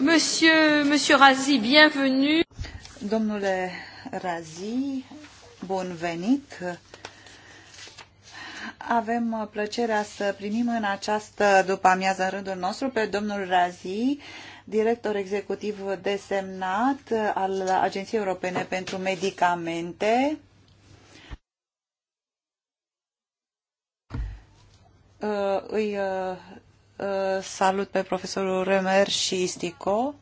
Monsieur, Monsieur Razi, bienvenue. Domnule Razi, bun venit. Avem plăcerea să primim în această după-amiază în rândul nostru pe domnul Razi, director executiv desemnat al Agenției Europene pentru Medicamente. Îi Uh, salut pe profesorul Remer și Istico.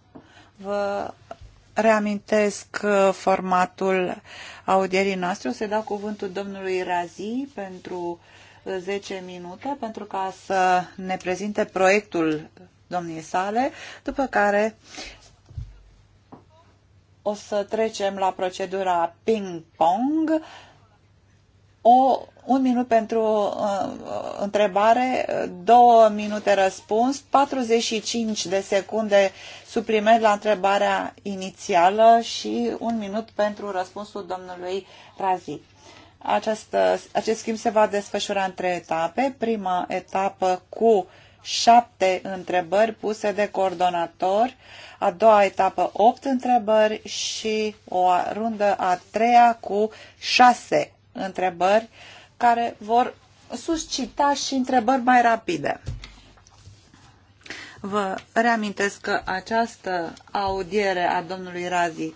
Vă reamintesc uh, formatul audierii noastre. O să dau cuvântul domnului Razi pentru 10 uh, minute pentru ca să ne prezinte proiectul domniei sale, după care o să trecem la procedura ping-pong o, un minut pentru uh, uh întrebare, două minute răspuns, 45 de secunde supliment la întrebarea inițială și un minut pentru răspunsul domnului Razi. Acest, acest schimb se va desfășura în trei etape. Prima etapă cu șapte întrebări puse de coordonator, a doua etapă opt întrebări și o rundă a treia cu șase întrebări care vor suscita și întrebări mai rapide. Vă reamintesc că această audiere a domnului Razi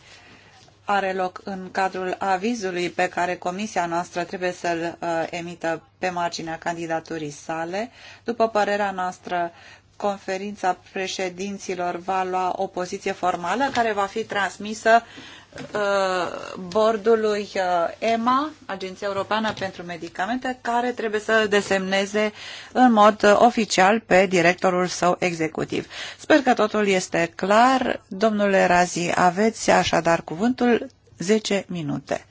are loc în cadrul avizului pe care comisia noastră trebuie să-l uh, emită pe marginea candidaturii sale. După părerea noastră, conferința președinților va lua o poziție formală care va fi transmisă Uh, bordului uh, EMA, Agenția Europeană pentru Medicamente, care trebuie să desemneze în mod uh, oficial pe directorul său executiv. Sper că totul este clar. Domnule Razi, aveți așadar cuvântul 10 minute.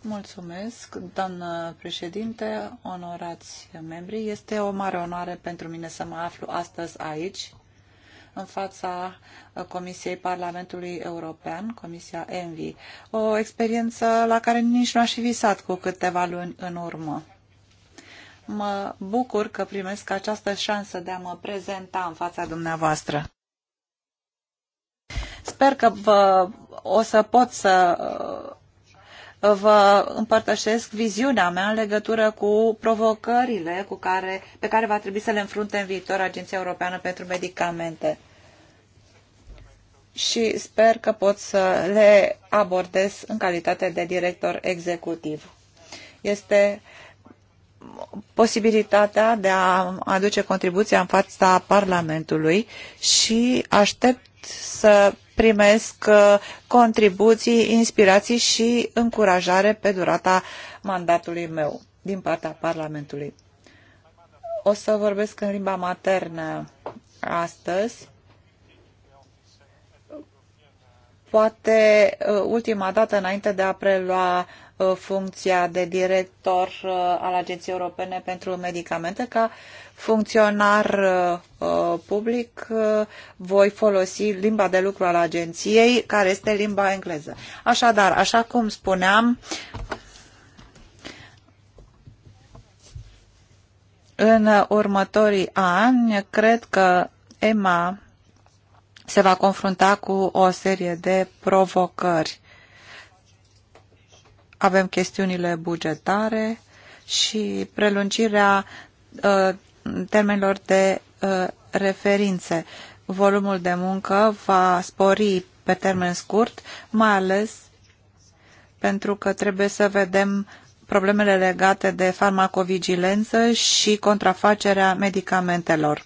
Mulțumesc, doamnă președinte, onorați membri. Este o mare onoare pentru mine să mă aflu astăzi aici în fața uh, Comisiei Parlamentului European, Comisia ENVI. O experiență la care nici nu aș fi visat cu câteva luni în urmă. Mă bucur că primesc această șansă de a mă prezenta în fața dumneavoastră. Sper că vă, o să pot să uh, vă împărtășesc viziunea mea în legătură cu provocările cu care, pe care va trebui să le înfrunte în viitor Agenția Europeană pentru Medicamente. Și sper că pot să le abordez în calitate de director executiv. Este posibilitatea de a aduce contribuția în fața Parlamentului și aștept să primesc uh, contribuții, inspirații și încurajare pe durata mandatului meu din partea Parlamentului. O să vorbesc în limba maternă astăzi. Poate uh, ultima dată înainte de a prelua Uh, funcția de director uh, al Agenției Europene pentru Medicamente. Ca funcționar uh, public voi folosi limba de lucru al agenției, care este limba engleză. Așadar, așa cum spuneam, în următorii ani, cred că EMA se va confrunta cu o serie de provocări avem chestiunile bugetare și prelungirea uh, termenilor de uh, referințe. Volumul de muncă va spori pe termen scurt, mai ales pentru că trebuie să vedem problemele legate de farmacovigilență și contrafacerea medicamentelor.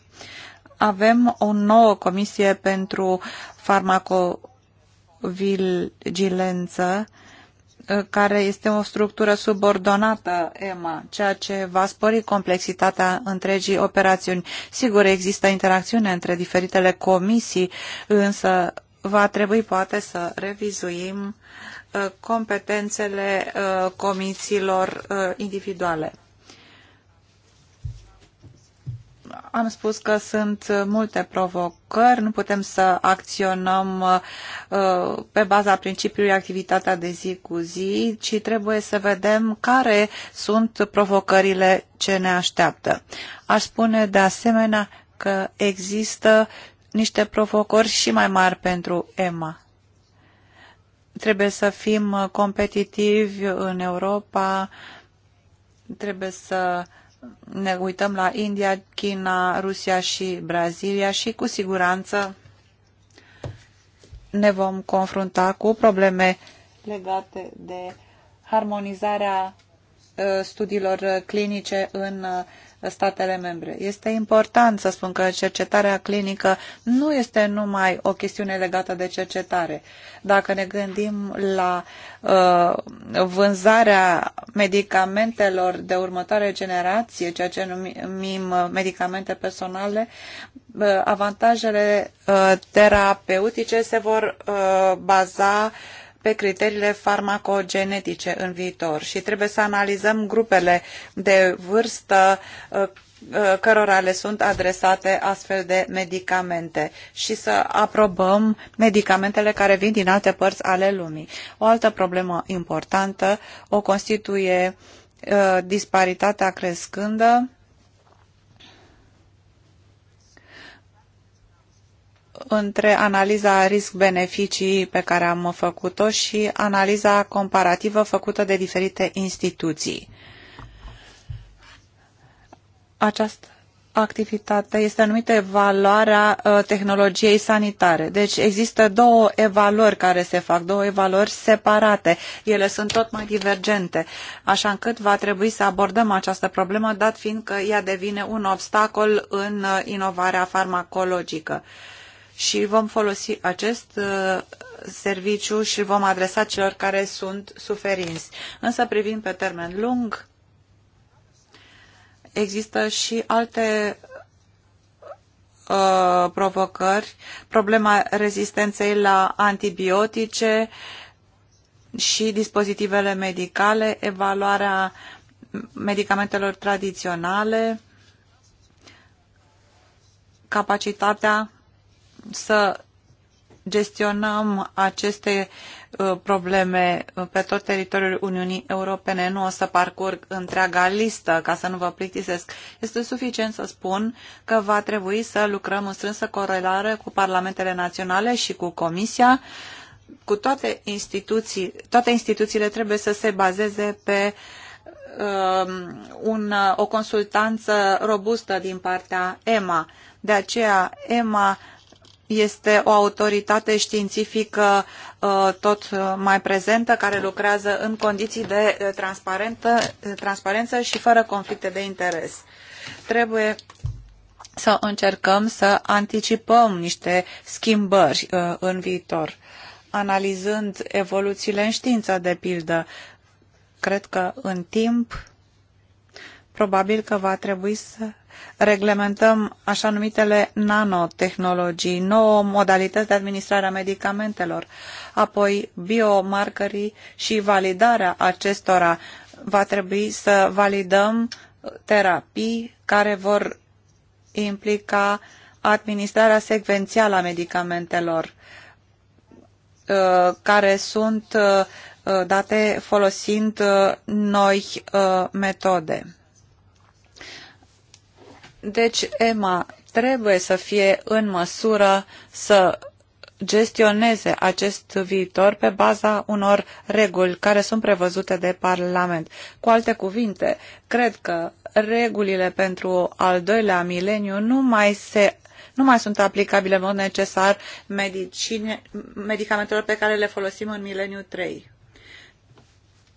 Avem o nouă comisie pentru farmacovigilență Eh, care este o structură subordonată EMA, ceea ce va spori complexitatea întregii operațiuni. Sigur, există interacțiune între diferitele comisii, însă va trebui poate să revizuim eh, competențele eh, comisiilor individuale. am spus că sunt multe provocări, nu putem să acționăm uh, pe baza principiului activitatea de zi cu zi, ci trebuie să vedem care sunt provocările ce ne așteaptă. Aș spune de asemenea că există niște provocări și mai mari pentru EMA. Trebuie să fim competitivi în Europa, trebuie să uh, ne uităm la India, China, Rusia și Brazilia și cu siguranță ne vom confrunta cu probleme legate de harmonizarea uh, studiilor uh, clinice în uh, statele membre. Este important să spun că cercetarea clinică nu este numai o chestiune legată de cercetare. Dacă ne gândim la uh, vânzarea medicamentelor de următoare generație, ceea ce numim uh, medicamente personale, uh, avantajele uh, terapeutice se vor uh, baza uh, pe criteriile farmacogenetice în viitor și trebuie să analizăm grupele de vârstă uh, uh, cărora le sunt adresate astfel de medicamente și să aprobăm medicamentele care vin din alte părți ale lumii. O altă problemă importantă o constituie uh, disparitatea crescândă între analiza risc-beneficii pe care am făcut-o și analiza comparativă făcută de diferite instituții. Această activitate este numită evaluarea uh, tehnologiei sanitare. Deci există două evaluări care se fac, două evaluări separate. Ele sunt tot mai divergente, așa încât va trebui să abordăm această problemă, dat fiind că ea devine un obstacol în uh, inovarea farmacologică și vom folosi acest uh, serviciu și vom adresa celor care sunt suferinți. Însă privind pe termen lung, există și alte uh, provocări, problema rezistenței la antibiotice și dispozitivele medicale, evaluarea medicamentelor tradiționale, capacitatea să gestionăm aceste uh, probleme pe tot teritoriul Uniunii Europene. Nu o să parcurg întreaga listă ca să nu vă plictisesc. Este suficient să spun că va trebui să lucrăm în strânsă corelare cu parlamentele naționale și cu Comisia. Cu toate, instituții, toate instituțiile trebuie să se bazeze pe um, un, o consultanță robustă din partea EMA. De aceea, EMA este o autoritate științifică uh, tot uh, mai prezentă, care lucrează în condiții de uh, transparență și fără conflicte de interes. Trebuie să încercăm să anticipăm niște schimbări în viitor, analizând evoluțiile în știință, de pildă. Cred că în timp, probabil că va trebui să reglementăm așa numitele nanotehnologii, nouă modalități de administrare a medicamentelor, apoi biomarcării și validarea acestora. Va trebui să validăm terapii care vor implica administrarea secvențială a medicamentelor, uh, care sunt uh, date folosind uh, noi metode. Deci EMA trebuie să fie în măsură să gestioneze acest viitor pe baza unor reguli care sunt prevăzute de Parlament. Cu alte cuvinte, cred că regulile pentru al doilea mileniu nu mai, se, nu mai sunt aplicabile în mod necesar medicine, medicamentelor pe care le folosim în mileniu 3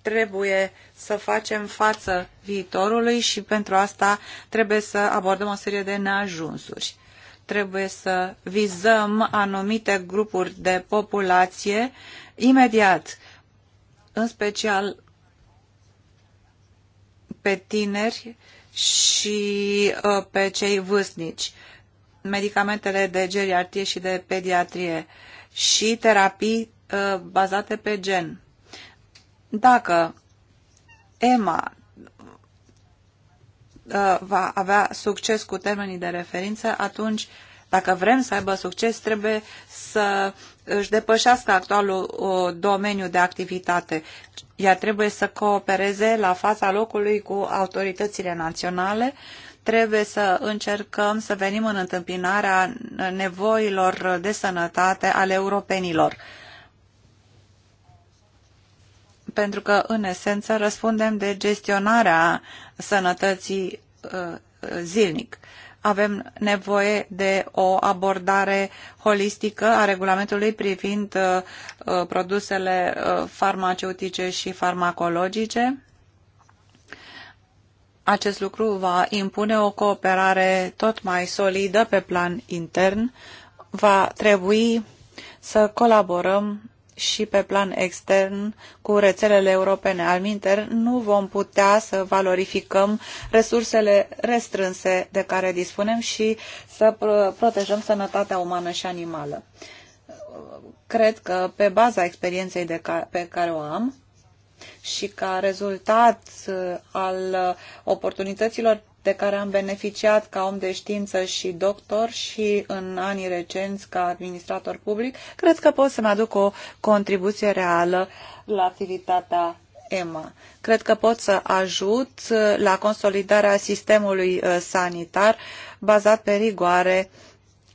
trebuie să facem față viitorului și pentru asta trebuie să abordăm o serie de neajunsuri. Trebuie să vizăm anumite grupuri de populație imediat, în special pe tineri și uh, pe cei vârstnici, medicamentele de geriatrie și de pediatrie și terapii uh, bazate pe gen dacă Emma uh, va avea succes cu termenii de referință, atunci, dacă vrem să aibă succes, trebuie să își depășească actualul uh, domeniu de activitate. Ea trebuie să coopereze la fața locului cu autoritățile naționale, trebuie să încercăm să venim în întâmpinarea nevoilor de sănătate ale europenilor pentru că, în esență, răspundem de gestionarea sănătății uh, zilnic. Avem nevoie de o abordare holistică a regulamentului privind uh, uh, produsele farmaceutice și farmacologice. Acest lucru va impune o cooperare tot mai solidă pe plan intern. Va trebui să colaborăm și pe plan extern cu rețelele europene. Al nu vom putea să valorificăm resursele restrânse de care dispunem și să protejăm sănătatea umană și animală. Cred că pe baza experienței de ca, pe care o am și ca rezultat uh, al uh, oportunităților de care am beneficiat ca om de știință și doctor și în anii recenți ca administrator public, cred că pot să-mi aduc o contribuție reală la activitatea EMA. Cred că pot să ajut la consolidarea sistemului uh, sanitar bazat pe rigoare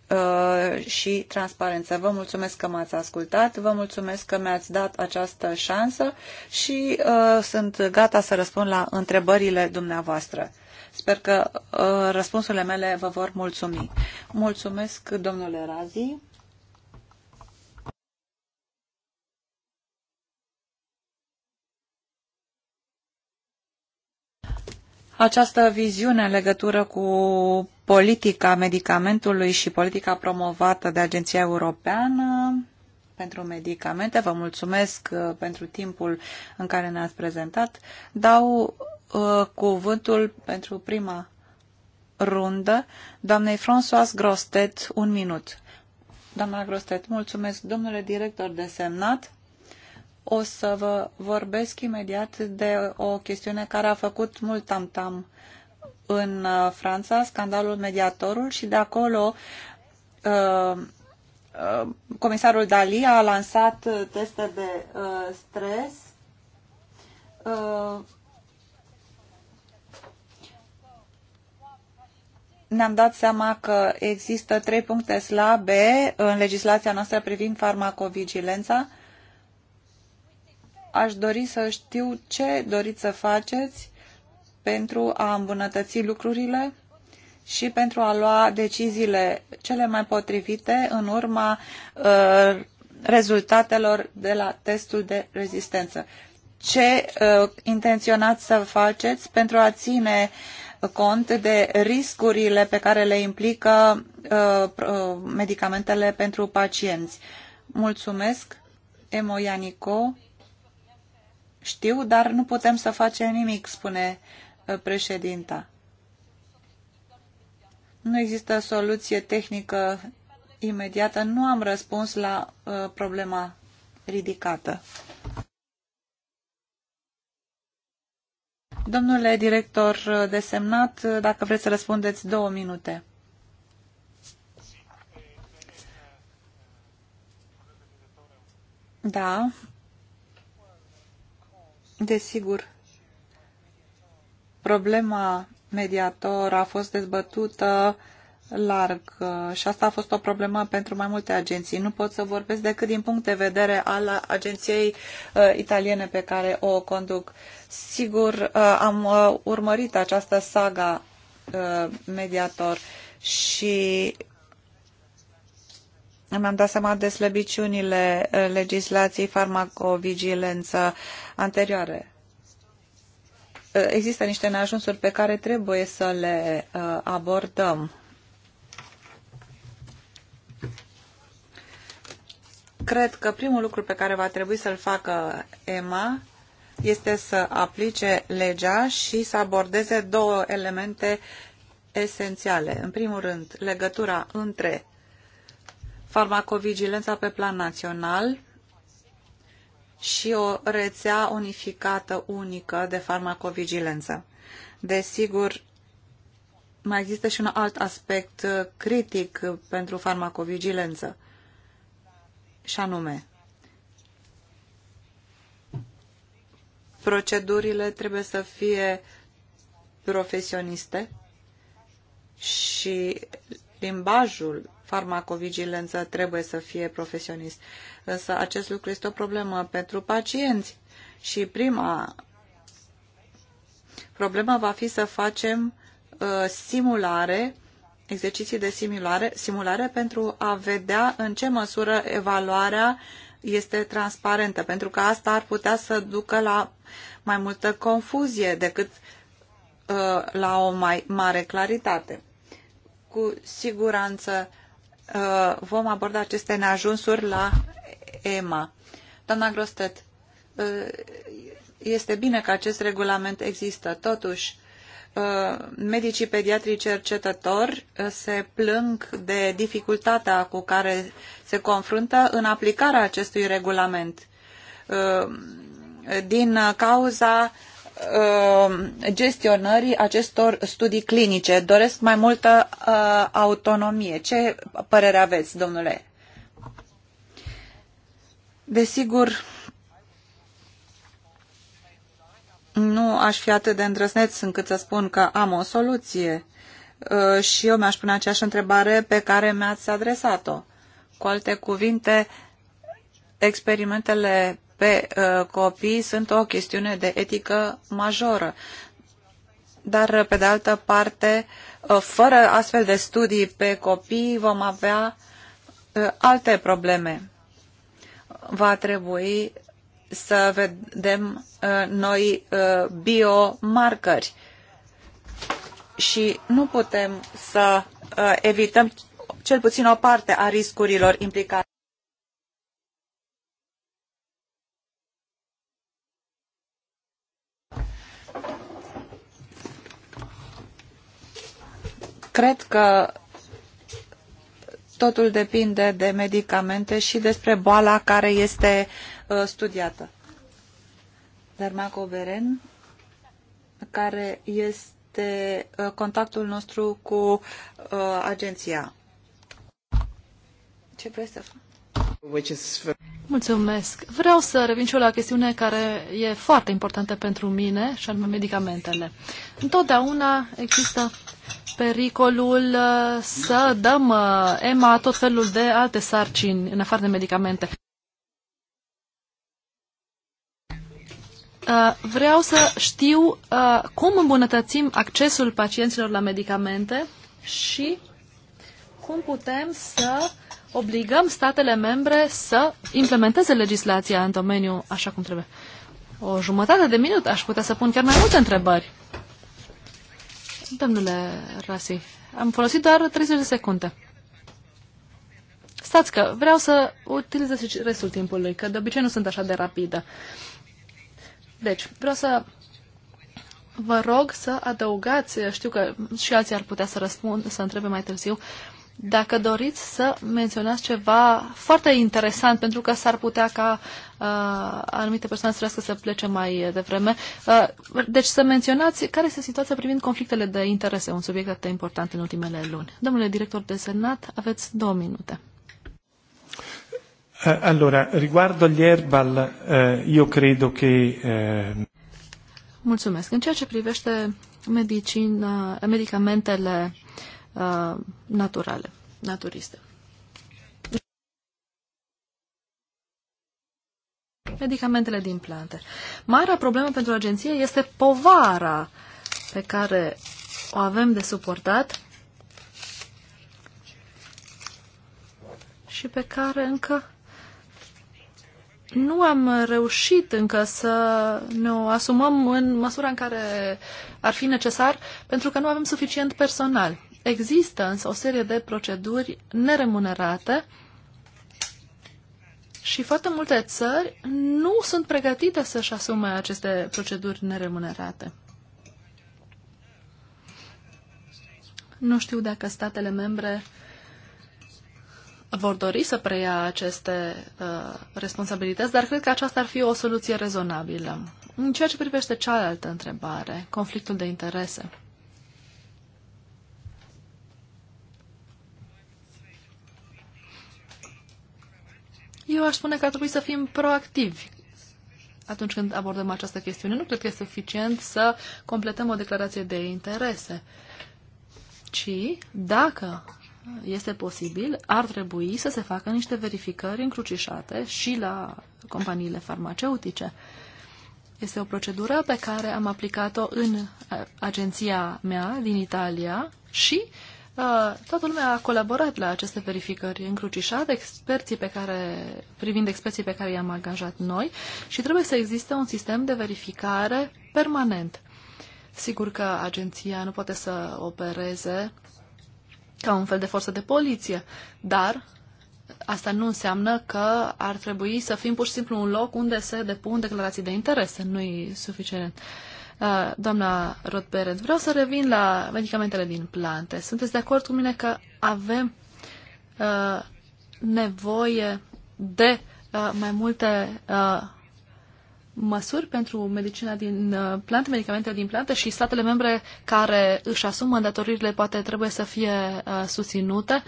uh, și transparență. Vă mulțumesc că m-ați ascultat, vă mulțumesc că mi-ați dat această șansă și uh, sunt gata să răspund la întrebările dumneavoastră. Sper că uh, răspunsurile mele vă vor mulțumi. Mulțumesc, domnule Razi. Această viziune în legătură cu politica medicamentului și politica promovată de Agenția Europeană pentru medicamente. Vă mulțumesc uh, pentru timpul în care ne-ați prezentat. Dau Uh, cuvântul pentru prima rundă doamnei François Grostet, un minut. Doamna Grostet, mulțumesc, domnule director desemnat. O să vă vorbesc imediat de o chestiune care a făcut mult tamtam -tam în uh, Franța, scandalul mediatorul și de acolo uh, comisarul Dali a lansat teste de stres ne-am dat seama că există trei puncte slabe în legislația noastră privind farmacovigilența. Aș dori să știu ce doriți să faceți pentru a îmbunătăți lucrurile și pentru a lua deciziile cele mai potrivite în urma uh, rezultatelor de la testul de rezistență. Ce uh, intenționați să faceți pentru a ține uh, cont de riscurile pe care le implică uh, uh, medicamentele pentru pacienți. Mulțumesc, Emo Ianico. Știu, dar nu putem să facem nimic, spune uh, președinta. Nu există soluție tehnică imediată. Nu am răspuns la uh, problema ridicată. Domnule director desemnat, dacă vreți să răspundeți două minute. Da. Desigur. Problema mediator a fost dezbătută uh, larg uh, și asta a fost o problemă pentru mai multe agenții. Nu pot să vorbesc decât din punct de vedere al agenției uh, italiene pe care o conduc. Sigur, uh, am urmărit această saga mediator și mi-am dat seama de slăbiciunile legislației farmacovigilență anterioare. Există niște neajunsuri pe care trebuie să le abordăm. Cred că primul lucru pe care va trebui să-l facă EMA este să aplice legea și să abordeze două elemente esențiale. În primul rând, legătura între farmacovigilența pe plan național și o rețea unificată unică de farmacovigilență. Desigur, mai există și un alt aspect uh, critic pentru farmacovigilență și anume procedurile trebuie să fie profesioniste și limbajul farmacovigilență trebuie să fie profesionist. Însă acest lucru este o problemă pentru pacienți și prima problemă va fi să facem uh, simulare exerciții de simulare, simulare pentru a vedea în ce măsură evaluarea este transparentă, pentru că asta ar putea să ducă la mai multă confuzie decât uh, la o mai mare claritate. Cu siguranță uh, vom aborda aceste neajunsuri la EMA. Doamna Grostet, uh, este bine că acest regulament există, totuși Uh, medicii pediatrii cercetători uh, se plâng de dificultatea cu care se confruntă în aplicarea acestui regulament uh, din cauza gestionării acestor studii clinice. Doresc mai multă autonomie. Ce părere aveți, domnule? Desigur, Nu aș fi atât de îndrăzneț încât să spun că am o soluție uh, și eu mi-aș pune aceeași întrebare pe care mi-ați adresat-o. Cu alte cuvinte, experimentele pe uh, copii sunt o chestiune de etică majoră dar uh, pe de altă parte, fără astfel de studii pe copii, vom avea alte probleme. Va trebui să vedem uh, noi uh, biomarcări și nu putem să uh, evităm cel puțin o parte a riscurilor implicate. Cred că totul depinde de medicamente și despre boala care este Uh, studiată. Darmaco Beren, care este uh, contactul nostru cu uh, agenția. Ce vrei să fac? Mulțumesc. Vreau să revin și eu la o chestiune care e foarte importantă pentru mine, și anume medicamentele. Întotdeauna există pericolul să dăm EMA tot felul de alte sarcini în afară de medicamente. Uh, vreau să știu uh, cum îmbunătățim accesul pacienților la medicamente și cum putem să obligăm statele membre să implementeze legislația în domeniu așa cum trebuie. O jumătate de minut aș putea să pun chiar mai multe întrebări. Domnule Rasi, am folosit doar 30 de secunde. Stați că vreau să utilizez și restul timpului, că de obicei nu sunt așa de rapidă. Uh, deci, vreau să vă rog să adăugați, știu că și alții ar putea să răspund, să întrebe mai târziu, dacă doriți să menționați ceva foarte interesant, pentru că s-ar putea ca uh, anumite persoane să trească să plece mai devreme. Uh, deci să menționați care este situația privind conflictele de interese, un subiect atât de important în ultimele luni. Domnule director de senat, aveți două minute. Eh, allora, riguardo agli herbal, eh, io credo che... Eh... Mulțumesc. În ceea ce privește medicina, medicamentele uh, naturale, naturiste. Medicamentele din plante. Marea problemă pentru agenție este povara pe care o avem de suportat și pe care încă nu am reușit încă să ne o asumăm în măsura în care ar fi necesar, pentru că nu avem suficient personal. Există însă o serie de proceduri neremunerate și foarte multe țări nu sunt pregătite să-și asume aceste proceduri neremunerate. Nu știu dacă statele membre vor dori să preia aceste uh, responsabilități, dar cred că aceasta ar fi o soluție rezonabilă. În ceea ce privește cealaltă întrebare, conflictul de interese. Eu aș spune că ar trebui să fim proactivi atunci când abordăm această chestiune. Nu cred că este suficient să completăm o declarație de interese, ci dacă este posibil, ar trebui să se facă niște verificări încrucișate și la companiile farmaceutice. Este o procedură pe care am aplicat-o în agenția mea din Italia și uh, toată lumea a colaborat la aceste verificări încrucișate, experții pe care, privind experții pe care i-am angajat noi și trebuie să existe un sistem de verificare permanent. Sigur că agenția nu poate să opereze ca un fel de forță de poliție, dar asta nu înseamnă că ar trebui să fim pur și simplu un loc unde se depun declarații de interese. Nu-i suficient. Uh, doamna Rodberet, vreau să revin la medicamentele din plante. Sunteți de acord cu mine că avem uh, nevoie de uh, mai multe uh, măsuri pentru medicina din uh, plantă, medicamentele din plantă și statele membre care își asumă îndatoririle poate trebuie să fie uh, susținute.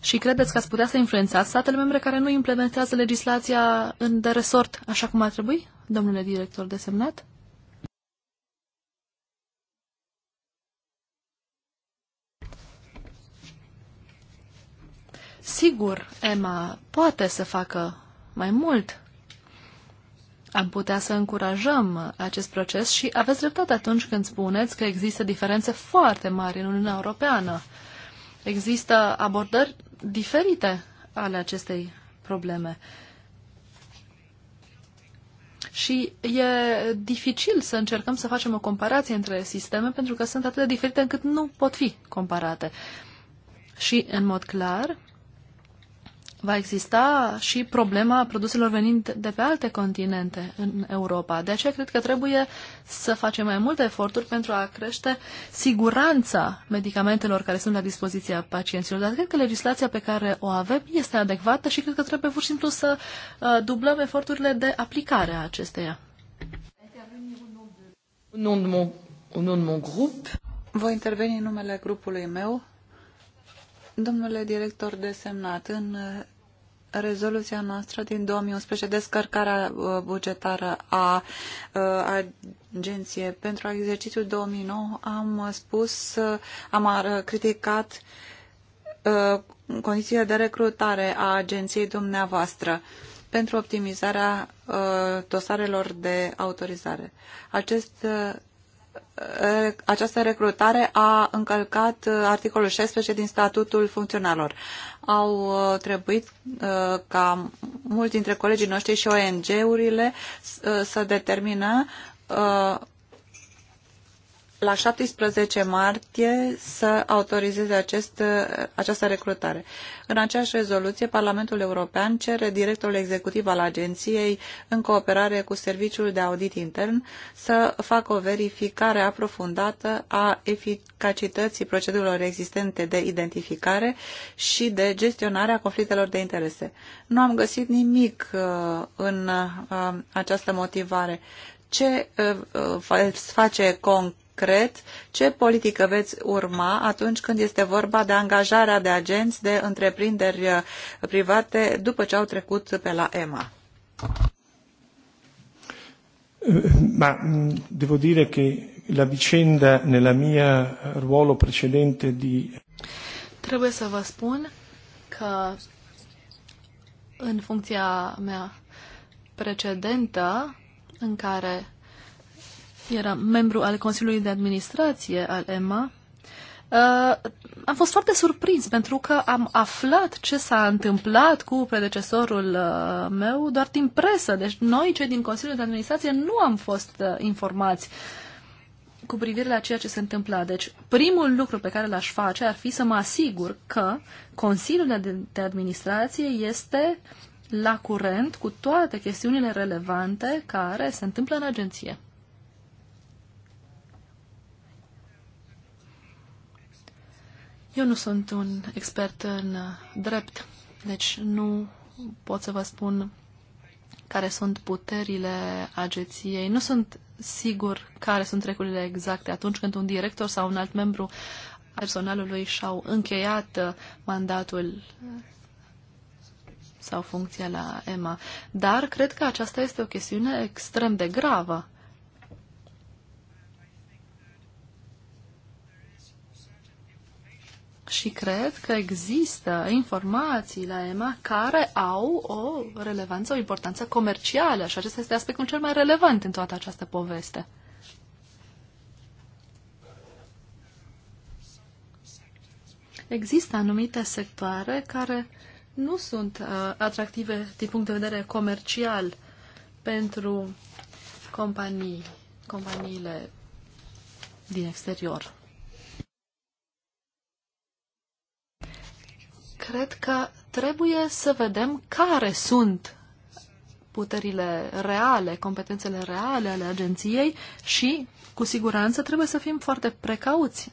Și credeți că ați putea să influențați statele membre care nu implementează legislația în de resort așa cum ar trebui, domnule director desemnat? Sigur, Emma poate să facă mai mult. Am putea să încurajăm acest proces și aveți dreptate atunci când spuneți că există diferențe foarte mari în Uniunea Europeană. Există abordări diferite ale acestei probleme. Și e dificil să încercăm să facem o comparație între sisteme pentru că sunt atât de diferite încât nu pot fi comparate. Și, în mod clar, va exista și problema produselor venind de pe alte continente în Europa. De aceea cred că trebuie să facem mai multe eforturi pentru a crește siguranța medicamentelor care sunt la dispoziția pacienților. Dar cred că legislația pe care o avem este adecvată și cred că trebuie pur și simplu să uh, dublăm eforturile de aplicare a acesteia. Voi interveni în numele grupului meu, Domnule director desemnat, în rezoluția noastră din 2011, descărcarea uh, bugetară a uh, agenției pentru exercițiul 2009, am spus, uh, am criticat condițiile de recrutare a agenției dumneavoastră pentru optimizarea dosarelor de autorizare. Acest această recrutare a încălcat uh, articolul 16 din statutul funcționarilor. Au uh, trebuit uh, ca mulți dintre colegii noștri și ONG-urile să determină la 17 martie să autorizeze acest, această recrutare. În aceeași rezoluție, Parlamentul European cere directorul executiv al agenției, în cooperare cu Serviciul de Audit Intern, să facă o verificare aprofundată a eficacității procedurilor existente de identificare și de gestionare a conflictelor de interese. Nu am găsit nimic uh, în uh, această motivare. Ce uh, face concret? concret ce politică veți urma atunci când este vorba de angajarea de agenți de întreprinderi uh, private după ce au trecut pe la EMA. Ma devo dire che la vicenda nella mia ruolo precedente di Trebuie să vă spun că în funcția mea precedentă în care era membru al Consiliului de Administrație al EMA, Uh, am fost foarte surprins pentru că am aflat ce s-a întâmplat cu predecesorul uh, meu doar din presă. Deci noi, cei din Consiliul de Administrație, nu am fost uh, informați cu privire la ceea ce se întâmpla. Deci primul lucru pe care l-aș face ar fi să mă asigur că Consiliul de, de Administrație este la curent cu toate chestiunile relevante care se întâmplă în agenție. Eu nu sunt un expert în uh, drept, deci nu pot să vă spun care sunt puterile agenției. Nu sunt sigur care sunt regulile exacte atunci când un director sau un alt membru personalului și-au încheiat uh, mandatul uh, sau funcția la EMA. Dar cred că aceasta este o chestiune extrem de gravă și cred că există informații la EMA care au o relevanță, o importanță comercială și acesta este aspectul cel mai relevant în toată această poveste. Există anumite sectoare care nu sunt uh, atractive din punct de vedere comercial pentru companii, companiile din exterior. cred că trebuie să vedem care sunt puterile reale, competențele reale ale agenției și, cu siguranță, trebuie să fim foarte precauți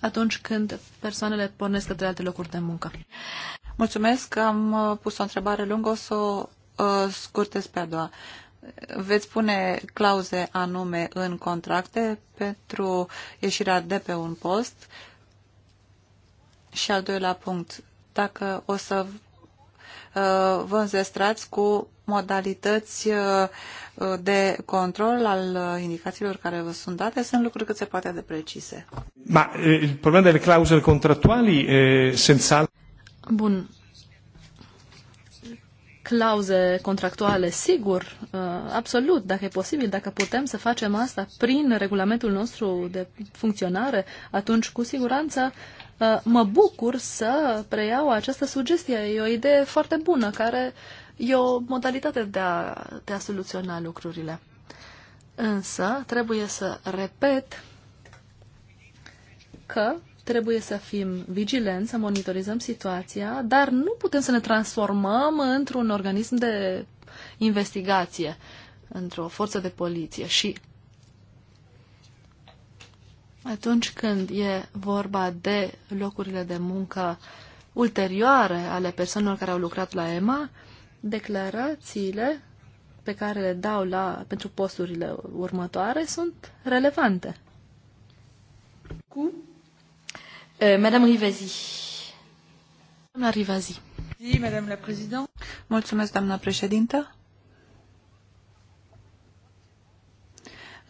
atunci când persoanele pornesc către alte locuri de muncă. Mulțumesc, am uh, pus o întrebare lungă, o să o uh, scurtez pe a doua. Veți pune clauze anume în contracte pentru ieșirea de pe un post? Și al doilea punct, dacă o să uh, vă înzestrați cu modalități uh, de control al uh, indicațiilor care vă sunt date, sunt lucruri cât se poate de precise. Ma, eh, problema delle clausole contrattuali, eh, senza... Bun. Clauze contractuale, sigur, eh, absolut, dacă e posibil, dacă putem să facem asta prin regulamentul nostru de funcționare, atunci cu siguranță uh, Uh, mă bucur să preiau această sugestie. E o idee foarte bună, care e o modalitate de a, de a soluționa lucrurile. Însă, trebuie să repet că trebuie să fim vigilenți, să monitorizăm situația, dar nu putem să ne transformăm într-un organism de investigație, într-o forță de poliție. Și atunci când e vorba de locurile de muncă ulterioare ale persoanelor care au lucrat la EMA, declarațiile pe care le dau la, pentru posturile următoare sunt relevante. Cu uh, Madame Rivazi. Doamna Rivazi. Mulțumesc, doamna președintă.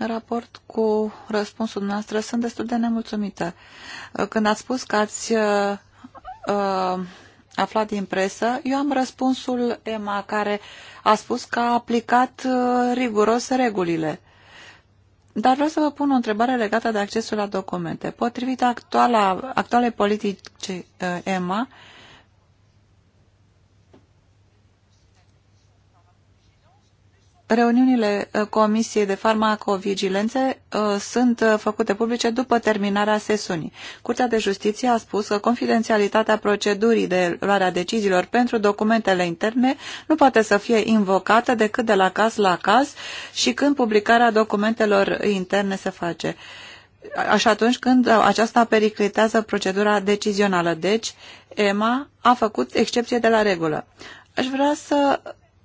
În raport cu răspunsul noastră, sunt destul de nemulțumită. Uh, când ați spus că ați uh, uh, aflat din presă, eu am răspunsul Emma care a spus că a aplicat uh, riguros regulile. Dar vreau să vă pun o întrebare legată de accesul la documente. Potrivit actuala, actuale politici uh, Emma? uh, Reuniunile uh, Comisiei de Farmacovigilențe uh, sunt uh, făcute publice după terminarea sesiunii. Curtea de Justiție a spus că confidențialitatea procedurii de luare a deciziilor pentru documentele interne nu poate să fie invocată decât de la caz la caz și când publicarea documentelor interne se face. Așa atunci când aceasta periclitează procedura decizională. Deci, EMA a făcut excepție de la regulă. Aș vrea să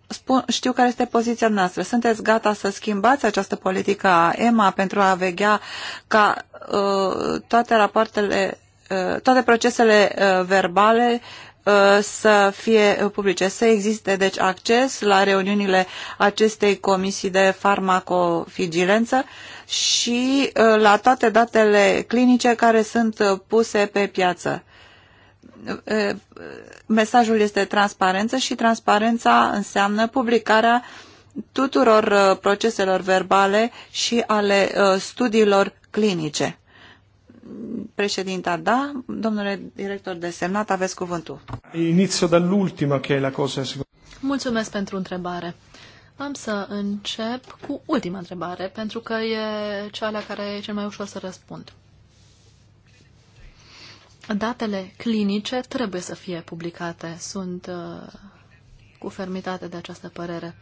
spun, știu care este poziția noastră. Sunteți gata să schimbați această politică a EMA pentru a veghea ca uh, toate rapoartele, uh, toate procesele uh, verbale uh, să fie publice, să existe deci acces la reuniunile acestei comisii de farmacovigilență și uh, la toate datele clinice care sunt uh, puse pe piață mesajul este transparență și transparența înseamnă publicarea tuturor proceselor verbale și ale studiilor clinice. Președinta, da, domnule director de semnat, aveți cuvântul. Inițiu de ultima, care e la cosa. Mulțumesc pentru întrebare. Am să încep cu ultima întrebare, pentru că e cea la care e cel mai ușor să răspund datele clinice trebuie să fie publicate. Sunt uh, cu fermitate de această părere.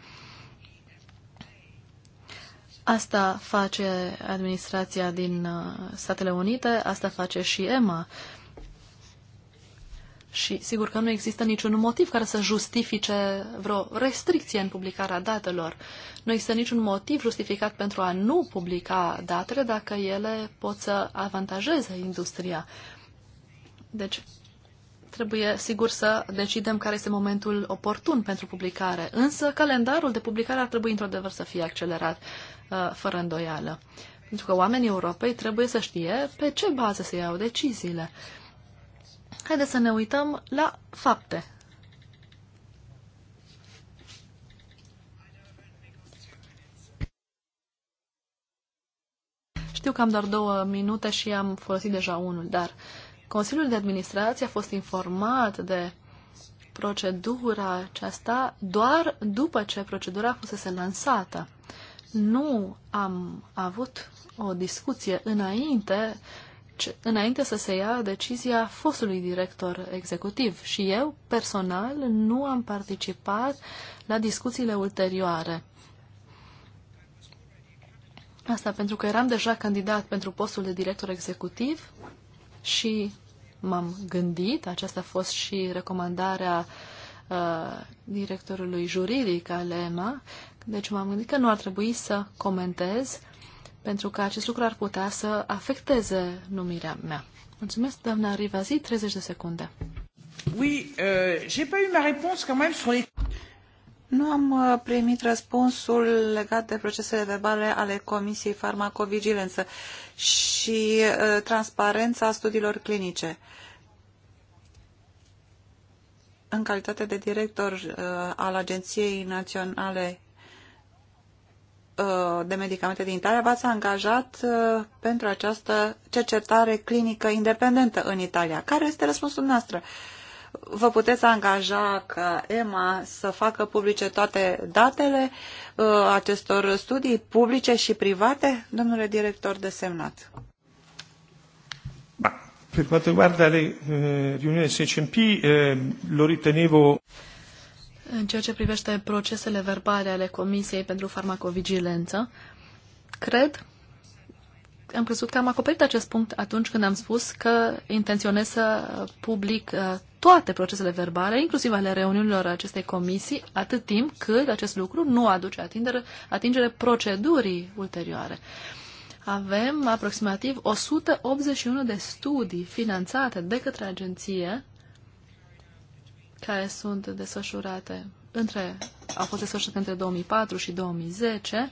Asta face administrația din uh, Statele Unite, asta face și EMA. Și sigur că nu există niciun motiv care să justifice vreo restricție în publicarea datelor. Nu există niciun motiv justificat pentru a nu publica datele dacă ele pot să avantajeze industria. Deci, trebuie, sigur, să decidem care este momentul oportun pentru publicare. Însă, calendarul de publicare ar trebui, într-adevăr, să fie accelerat, uh, fără îndoială. Pentru că oamenii Europei trebuie să știe pe ce bază se iau deciziile. Haideți să ne uităm la fapte. Știu că am doar două minute și am folosit deja unul, dar uh, Consiliul de Administrație a fost informat de procedura aceasta doar după ce procedura a fost lansată. Nu am avut o discuție înainte, ce, înainte să se ia decizia fostului director executiv și eu personal nu am participat la discuțiile ulterioare. Asta pentru că eram deja candidat pentru postul de director executiv și m-am gândit. Aceasta a fost și recomandarea uh, directorului juridic al EMA. Deci m-am gândit că nu ar trebui să comentez pentru că acest lucru ar putea să afecteze numirea mea. Mulțumesc, doamna Rivazi, 30 de secunde. Oui, euh, j'ai pas eu ma réponse quand même sur les... Nu am uh, primit răspunsul legat de procesele verbale ale Comisiei Farmacovigilență și uh, transparența studiilor clinice. În calitate de director uh, al Agenției Naționale de Medicamente din Italia, v-ați angajat pentru această cercetare clinică independentă în Italia. Care este răspunsul noastră? Uh, vă puteți angaja ca EMA să facă publice toate datele uh, acestor studii publice și private, domnule director desemnat? Ba, per quanto riguarda le uh, riuniuni SCMP, uh, lo ritenevo... În ceea ce privește procesele verbale ale Comisiei pentru Farmacovigilență, cred am crezut că am acoperit acest punct atunci când am spus că intenționez să public uh, toate procesele verbale, inclusiv ale reuniunilor acestei comisii, atât timp cât acest lucru nu aduce atingere, atingere procedurii ulterioare. Avem aproximativ 181 de studii finanțate de către agenție care sunt desfășurate între, au fost desfășurate între 2004 și 2010,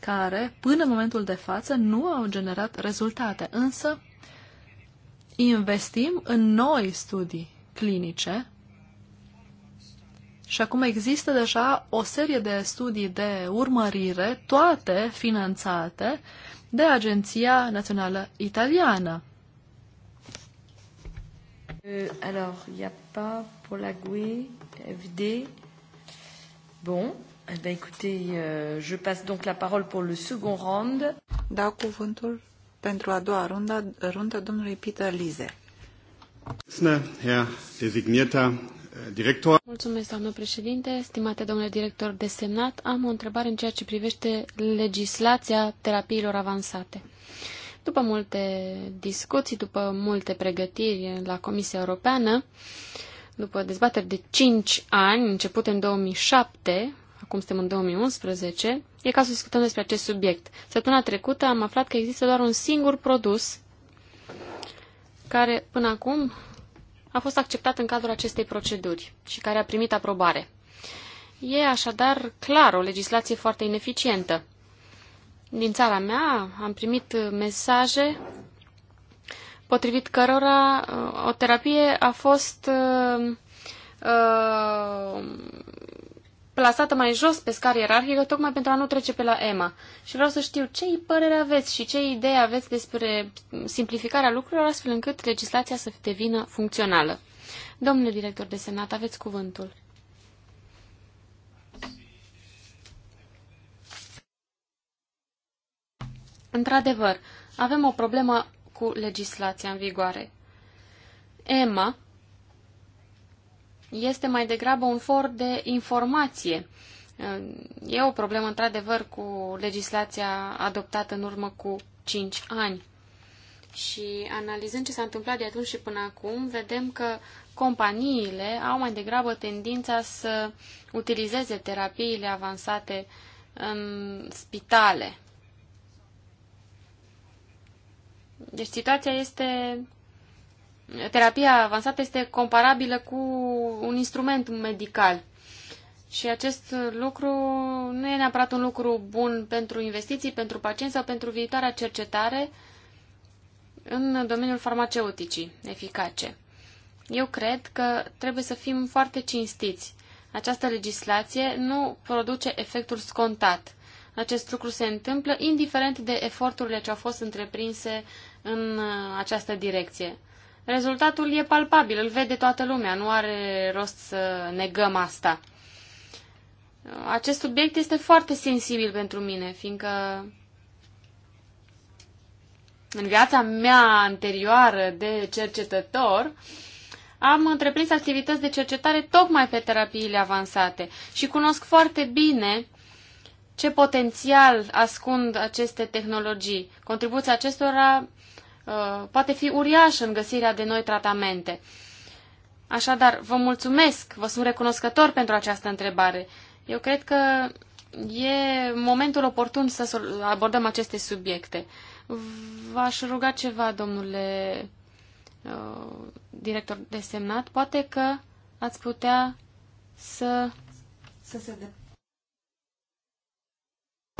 care până în momentul de față nu au generat rezultate, însă investim în noi studii clinice și acum există deja o serie de studii de urmărire, toate finanțate de Agenția Națională Italiană. Euh, alors, il n'y a pas pour la GUE, FD. Bon, eh bien, écoutez, euh, je passe donc la parole pour le second round. Dau cuvântul pentru a doua rundă, rundă domnului Peter Lize. Äh, Mulțumesc, doamnă președinte, stimate domnule director desemnat. Am o întrebare în ceea ce privește legislația terapiilor avansate. După multe discuții, după multe pregătiri la Comisia Europeană, după dezbateri de 5 ani, început în 2007, acum suntem în 2011, e ca să discutăm despre acest subiect. Săptămâna trecută am aflat că există doar un singur produs care până acum a fost acceptat în cadrul acestei proceduri și care a primit aprobare. E așadar clar o legislație foarte ineficientă. Din țara mea am primit mesaje potrivit cărora uh, o terapie a fost uh, uh plasată mai jos pe scară ierarhică, tocmai pentru a nu trece pe la Emma. Și vreau să știu ce părere aveți și ce idei aveți despre simplificarea lucrurilor, astfel încât legislația să devină funcțională. Domnule director de senat, aveți cuvântul. Într-adevăr, avem o problemă cu legislația în vigoare. Emma este mai degrabă un for de informație. E o problemă, într-adevăr, cu legislația adoptată în urmă cu 5 ani. Și analizând ce s-a întâmplat de atunci și până acum, vedem că companiile au mai degrabă tendința să utilizeze terapiile avansate în spitale. Deci situația este terapia avansată este comparabilă cu un instrument medical. Și acest lucru nu e neapărat un lucru bun pentru investiții, pentru pacienți sau pentru viitoarea cercetare în domeniul farmaceuticii eficace. Eu cred că trebuie să fim foarte cinstiți. Această legislație nu produce efectul scontat. Acest lucru se întâmplă indiferent de eforturile ce au fost întreprinse în uh, această direcție. Rezultatul e palpabil, îl vede toată lumea, nu are rost să negăm asta. Acest subiect este foarte sensibil pentru mine, fiindcă în viața mea anterioară de cercetător, am întreprins activități de cercetare tocmai pe terapiile avansate și cunosc foarte bine ce potențial ascund aceste tehnologii. Contribuția acestora Uh, poate fi uriaș în găsirea de noi tratamente. Așadar, vă mulțumesc, vă sunt recunoscător pentru această întrebare. Eu cred că e momentul oportun să abordăm aceste subiecte. V-aș ruga ceva, domnule uh, director desemnat, poate că ați putea să... să se de...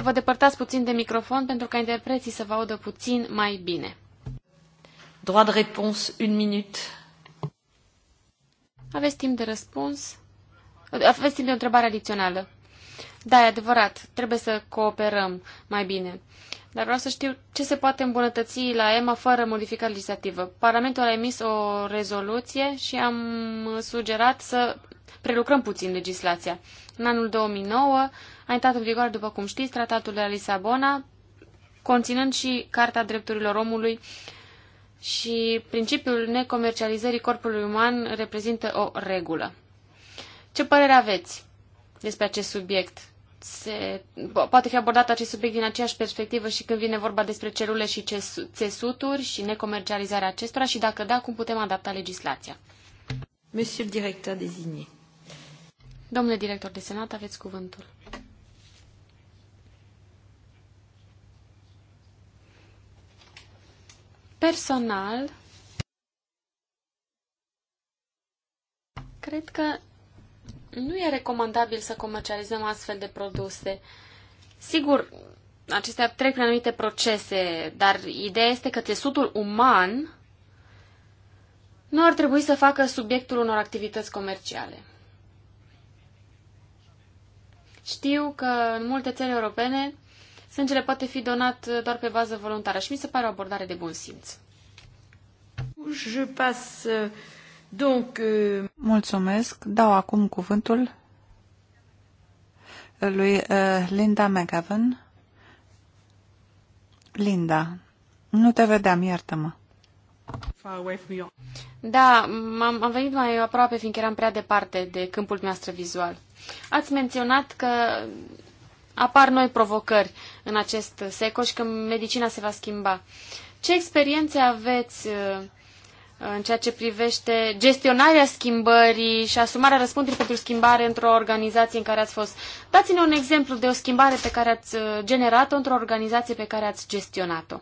Vă depărtați puțin de microfon pentru ca interpreții să vă audă puțin mai bine. Droit de réponse, une minute. Aveți timp de răspuns? Aveți timp de o întrebare adițională. Da, e adevărat, trebuie să cooperăm mai bine. Dar vreau să știu ce se poate îmbunătăți la EMA fără modificare legislativă. Parlamentul a emis o rezoluție și am sugerat să prelucrăm puțin legislația. În anul 2009 a intrat în vigoare, după cum știți, tratatul de la Lisabona, conținând și Carta Drepturilor Omului și principiul necomercializării corpului uman reprezintă o regulă. Ce părere aveți despre acest subiect? Se, poate fi abordat acest subiect din aceeași perspectivă și când vine vorba despre celule și țesuturi și necomercializarea acestora și dacă da, cum putem adapta legislația? Monsieur director designé. Domnule director de senat, aveți cuvântul. Personal, cred că nu e recomandabil să comercializăm astfel de produse. Sigur, acestea trec prin anumite procese, dar ideea este că țesutul uman nu ar trebui să facă subiectul unor activități comerciale. Știu că în multe țări europene Sângele poate fi donat uh, doar pe bază voluntară și mi se pare o abordare de bun simț. Je passe, uh, donc, euh... Mulțumesc. Dau acum cuvântul lui uh, Linda McGavin. Linda, nu te vedeam, iartă-mă. Da, am, am venit mai aproape, fiindcă eram prea departe de câmpul noastră vizual. Ați menționat că apar noi provocări în acest secol și că medicina se va schimba. Ce experiențe aveți uh, în ceea ce privește gestionarea schimbării și asumarea răspunderii pentru schimbare într-o organizație în care ați fost? Dați-ne un exemplu de o schimbare pe care ați uh, generat-o într-o organizație pe care ați gestionat-o.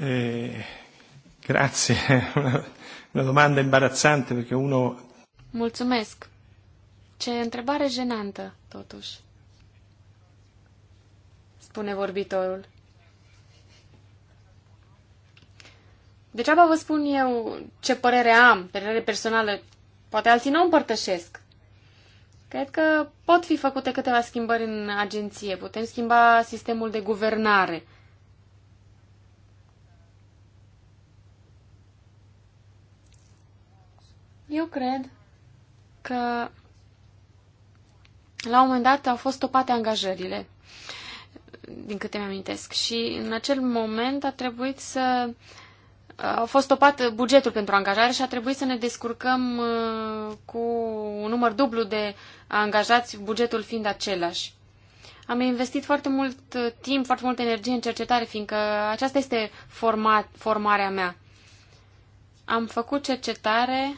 E, eh, grazie. Una domanda imbarazzante perché uno... Mulțumesc. Ce întrebare jenantă, totuși spune vorbitorul. Degeaba vă spun eu ce părere am, părere personală, poate alții nu o împărtășesc. Cred că pot fi făcute câteva schimbări în agenție. Putem schimba sistemul de guvernare. Eu cred că la un moment dat au fost topate angajările din câte mi-amintesc. Și în acel moment a trebuit să... A fost topat bugetul pentru angajare și a trebuit să ne descurcăm uh, cu un număr dublu de angajați, bugetul fiind același. Am investit foarte mult uh, timp, foarte multă energie în cercetare, fiindcă aceasta este forma, formarea mea. Am făcut cercetare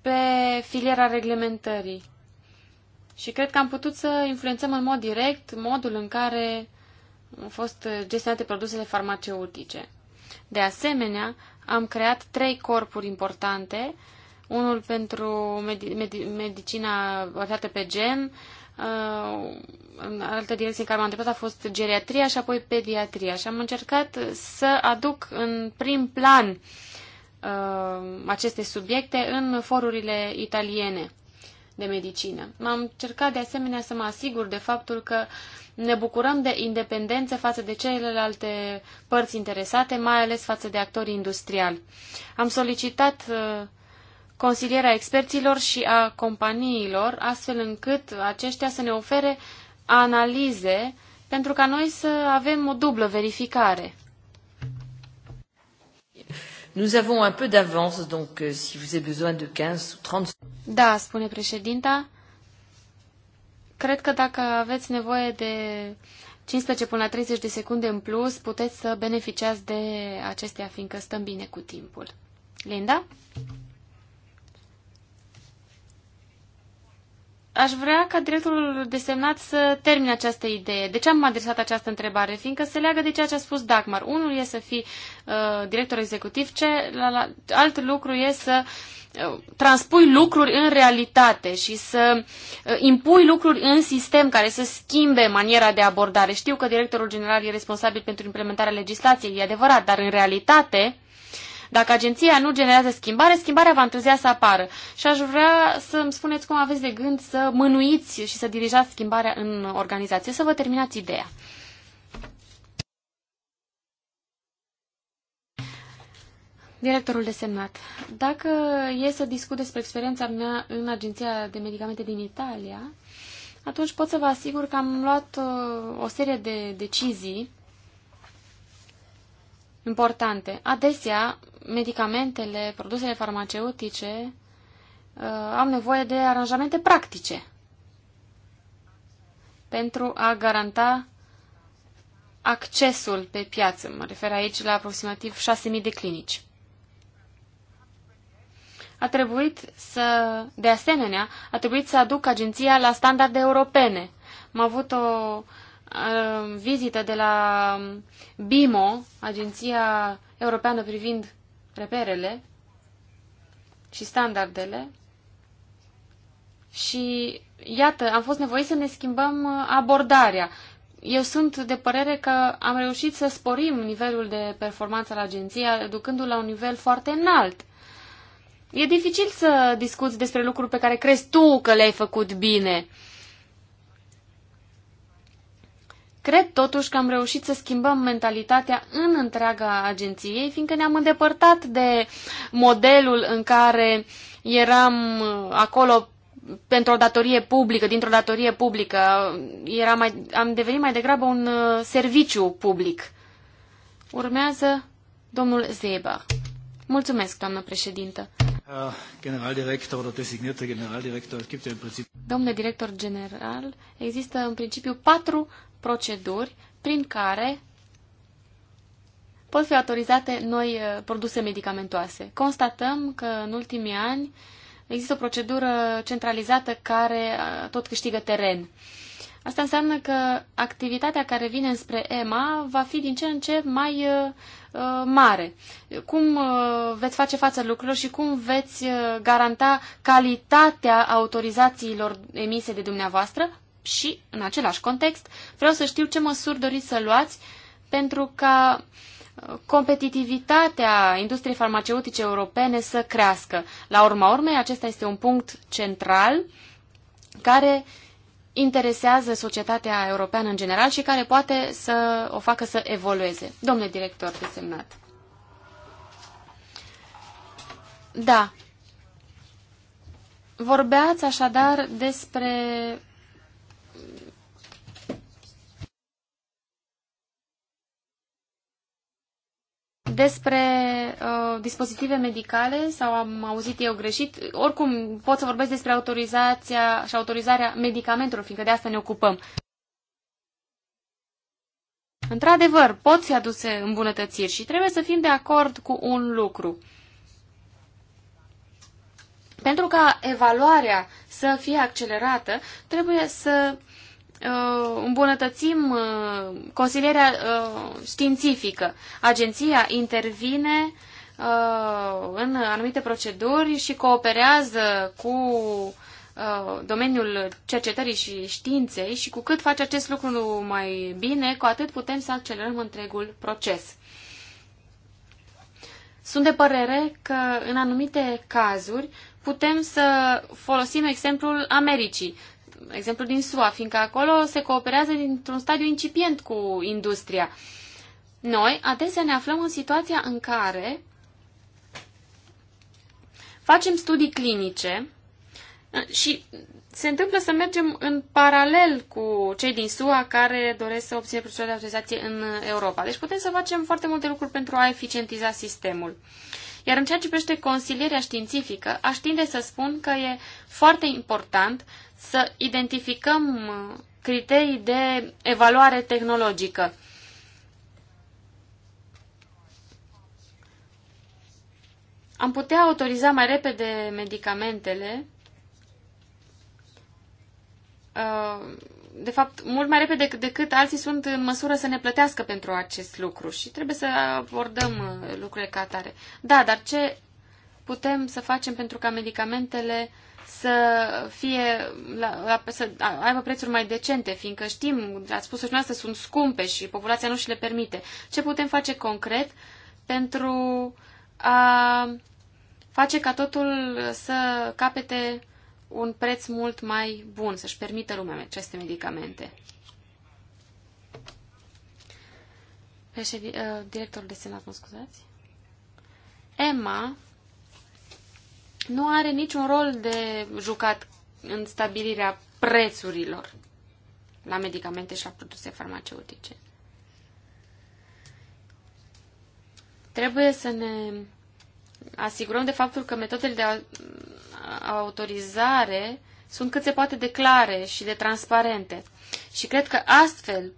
pe filiera reglementării. Și cred că am putut să influențăm în mod direct modul în care au fost gestionate produsele farmaceutice. De asemenea, am creat trei corpuri importante, unul pentru medi medi medicina bazată pe gen, uh, în altă direcție în care m-am întrebat a fost geriatria și apoi pediatria și am încercat să aduc în prim plan uh, aceste subiecte în forurile italiene de medicină. M-am cercat de asemenea să mă asigur de faptul că ne bucurăm de independență față de celelalte părți interesate, mai ales față de actorii industriali. Am solicitat uh, consilierea experților și a companiilor, astfel încât aceștia să ne ofere analize pentru ca noi să avem o dublă verificare. Nous avons un peu d'avance, donc euh, si vous avez besoin de 15 ou 30... Da, spune președinta. Cred că dacă aveți nevoie de 15 până la 30 de secunde în plus, puteți să beneficiați de acestea, fiindcă stăm bine cu timpul. Linda? Aș vrea ca directorul desemnat să termine această idee. De ce am adresat această întrebare? Fiindcă se leagă de ceea ce a spus Dagmar. Unul e să fii uh, director executiv, ce, la, la, alt lucru e să uh, transpui lucruri în realitate și să uh, impui lucruri în sistem care să schimbe maniera de abordare. Știu că directorul general e responsabil pentru implementarea legislației, e adevărat, dar în realitate dacă agenția nu generează schimbare, schimbarea va întârzia să apară. Și aș vrea să-mi spuneți cum aveți de gând să mânuiți și să dirijați schimbarea în organizație, să vă terminați ideea. Directorul desemnat. Dacă e să discut despre experiența mea în Agenția de Medicamente din Italia, atunci pot să vă asigur că am luat uh, o serie de decizii importante. Adesea, medicamentele, produsele farmaceutice uh, au nevoie de aranjamente practice pentru a garanta accesul pe piață. Mă refer aici la aproximativ 6.000 de clinici. A trebuit să, de asemenea, a trebuit să aduc agenția la standarde europene. Am avut o uh, Um, vizită de la BIMO, Agenția Europeană privind reperele și standardele. Și iată, am fost nevoiți să ne schimbăm uh, abordarea. Eu sunt de părere că am reușit să sporim nivelul de performanță al agenției, ducându-l la un nivel foarte înalt. E dificil să discuți despre lucruri pe care crezi tu că le-ai făcut bine. Cred totuși că am reușit să schimbăm mentalitatea în întreaga agenției, fiindcă ne-am îndepărtat de modelul în care eram acolo pentru o datorie publică, dintr-o datorie publică. Era mai, am devenit mai degrabă un uh, serviciu public. Urmează domnul Zeba. Mulțumesc, doamnă președintă. Uh, general director, general director, ja în principiu. Domnule director general, există în principiu patru proceduri prin care pot fi autorizate noi uh, produse medicamentoase. Constatăm că în ultimii ani există o procedură centralizată care uh, tot câștigă teren. Asta înseamnă că activitatea care vine spre EMA va fi din ce în ce mai uh, uh mare. Cum uh, veți face față lucrurilor și cum veți uh, garanta calitatea autorizațiilor emise de dumneavoastră și, în același context, vreau să știu ce măsuri doriți să luați pentru ca uh, competitivitatea industriei farmaceutice europene să crească. La urma urmei, acesta este un punct central care interesează societatea europeană în general și care poate să o facă să evolueze. Domnule director desemnat. Da. Vorbeați așadar despre Despre uh, dispozitive medicale, sau am auzit eu greșit, oricum pot să vorbesc despre autorizația și autorizarea medicamentelor, fiindcă de asta ne ocupăm. Într-adevăr, pot fi aduse îmbunătățiri și trebuie să fim de acord cu un lucru. Pentru ca evaluarea să fie accelerată, trebuie să Uh, îmbunătățim uh, consilierea uh, științifică. Agenția intervine în anumite proceduri și cooperează cu domeniul cercetării și științei și cu cât face acest lucru mai bine, cu atât putem să accelerăm întregul proces. Sunt de părere că în anumite cazuri putem să folosim exemplul Americii exemplu din SUA, fiindcă acolo se cooperează dintr-un stadiu incipient cu industria. Noi adesea ne aflăm în situația în care facem studii clinice uh, și se întâmplă să mergem în paralel cu cei din SUA care doresc să obțină procesul de autorizație în Europa. Deci putem să facem foarte multe lucruri pentru a eficientiza sistemul. Iar în ceea ce privește consilierea științifică, aș tinde să spun că e foarte important să identificăm uh, criterii de evaluare tehnologică. Am putea autoriza mai repede medicamentele uh, de fapt, mult mai repede decât, alții sunt în măsură să ne plătească pentru acest lucru și trebuie să abordăm uh, lucrurile ca atare. Da, dar ce putem să facem pentru ca medicamentele să fie la, la, să aibă prețuri mai decente, fiindcă știm, ați spus-o și noastră, sunt scumpe și populația nu și le permite. Ce putem face concret pentru a face ca totul să capete un preț mult mai bun, să-și permită lumea aceste medicamente. Uh, directorul de senat, mă scuzați. Emma nu are niciun rol de jucat în stabilirea prețurilor la medicamente și la produse farmaceutice. Trebuie să ne asigurăm de faptul că metodele de autorizare sunt cât se poate de clare și de transparente. Și cred că astfel,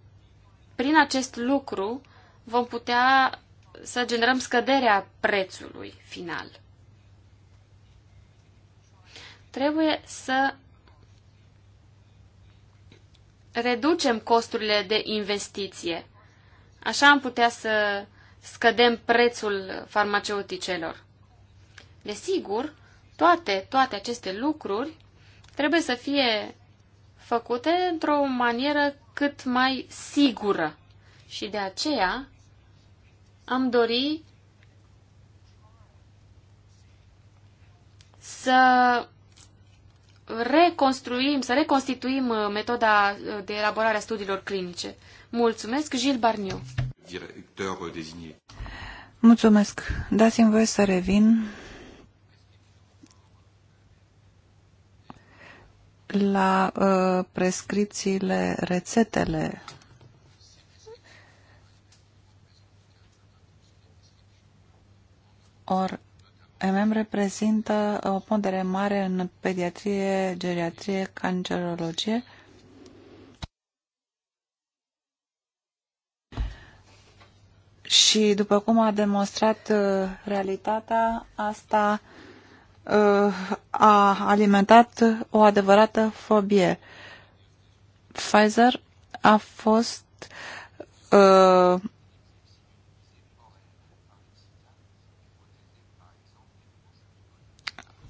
prin acest lucru, vom putea să generăm scăderea prețului final. Trebuie să reducem costurile de investiție. Așa am putea să scădem prețul farmaceuticelor. Desigur, toate, toate aceste lucruri trebuie să fie făcute într-o manieră cât mai sigură. Și de aceea am dori să reconstruim, să reconstituim uh, metoda uh, de elaborare a studiilor clinice. Mulțumesc, Gilles Barniu. Director Mulțumesc. Dați-mi voie să revin la uh, prescripțiile, rețetele. Or, MM reprezintă o pondere mare în pediatrie, geriatrie, cancerologie. Și după cum a demonstrat uh, realitatea, asta uh, a alimentat o adevărată fobie. Pfizer a fost uh,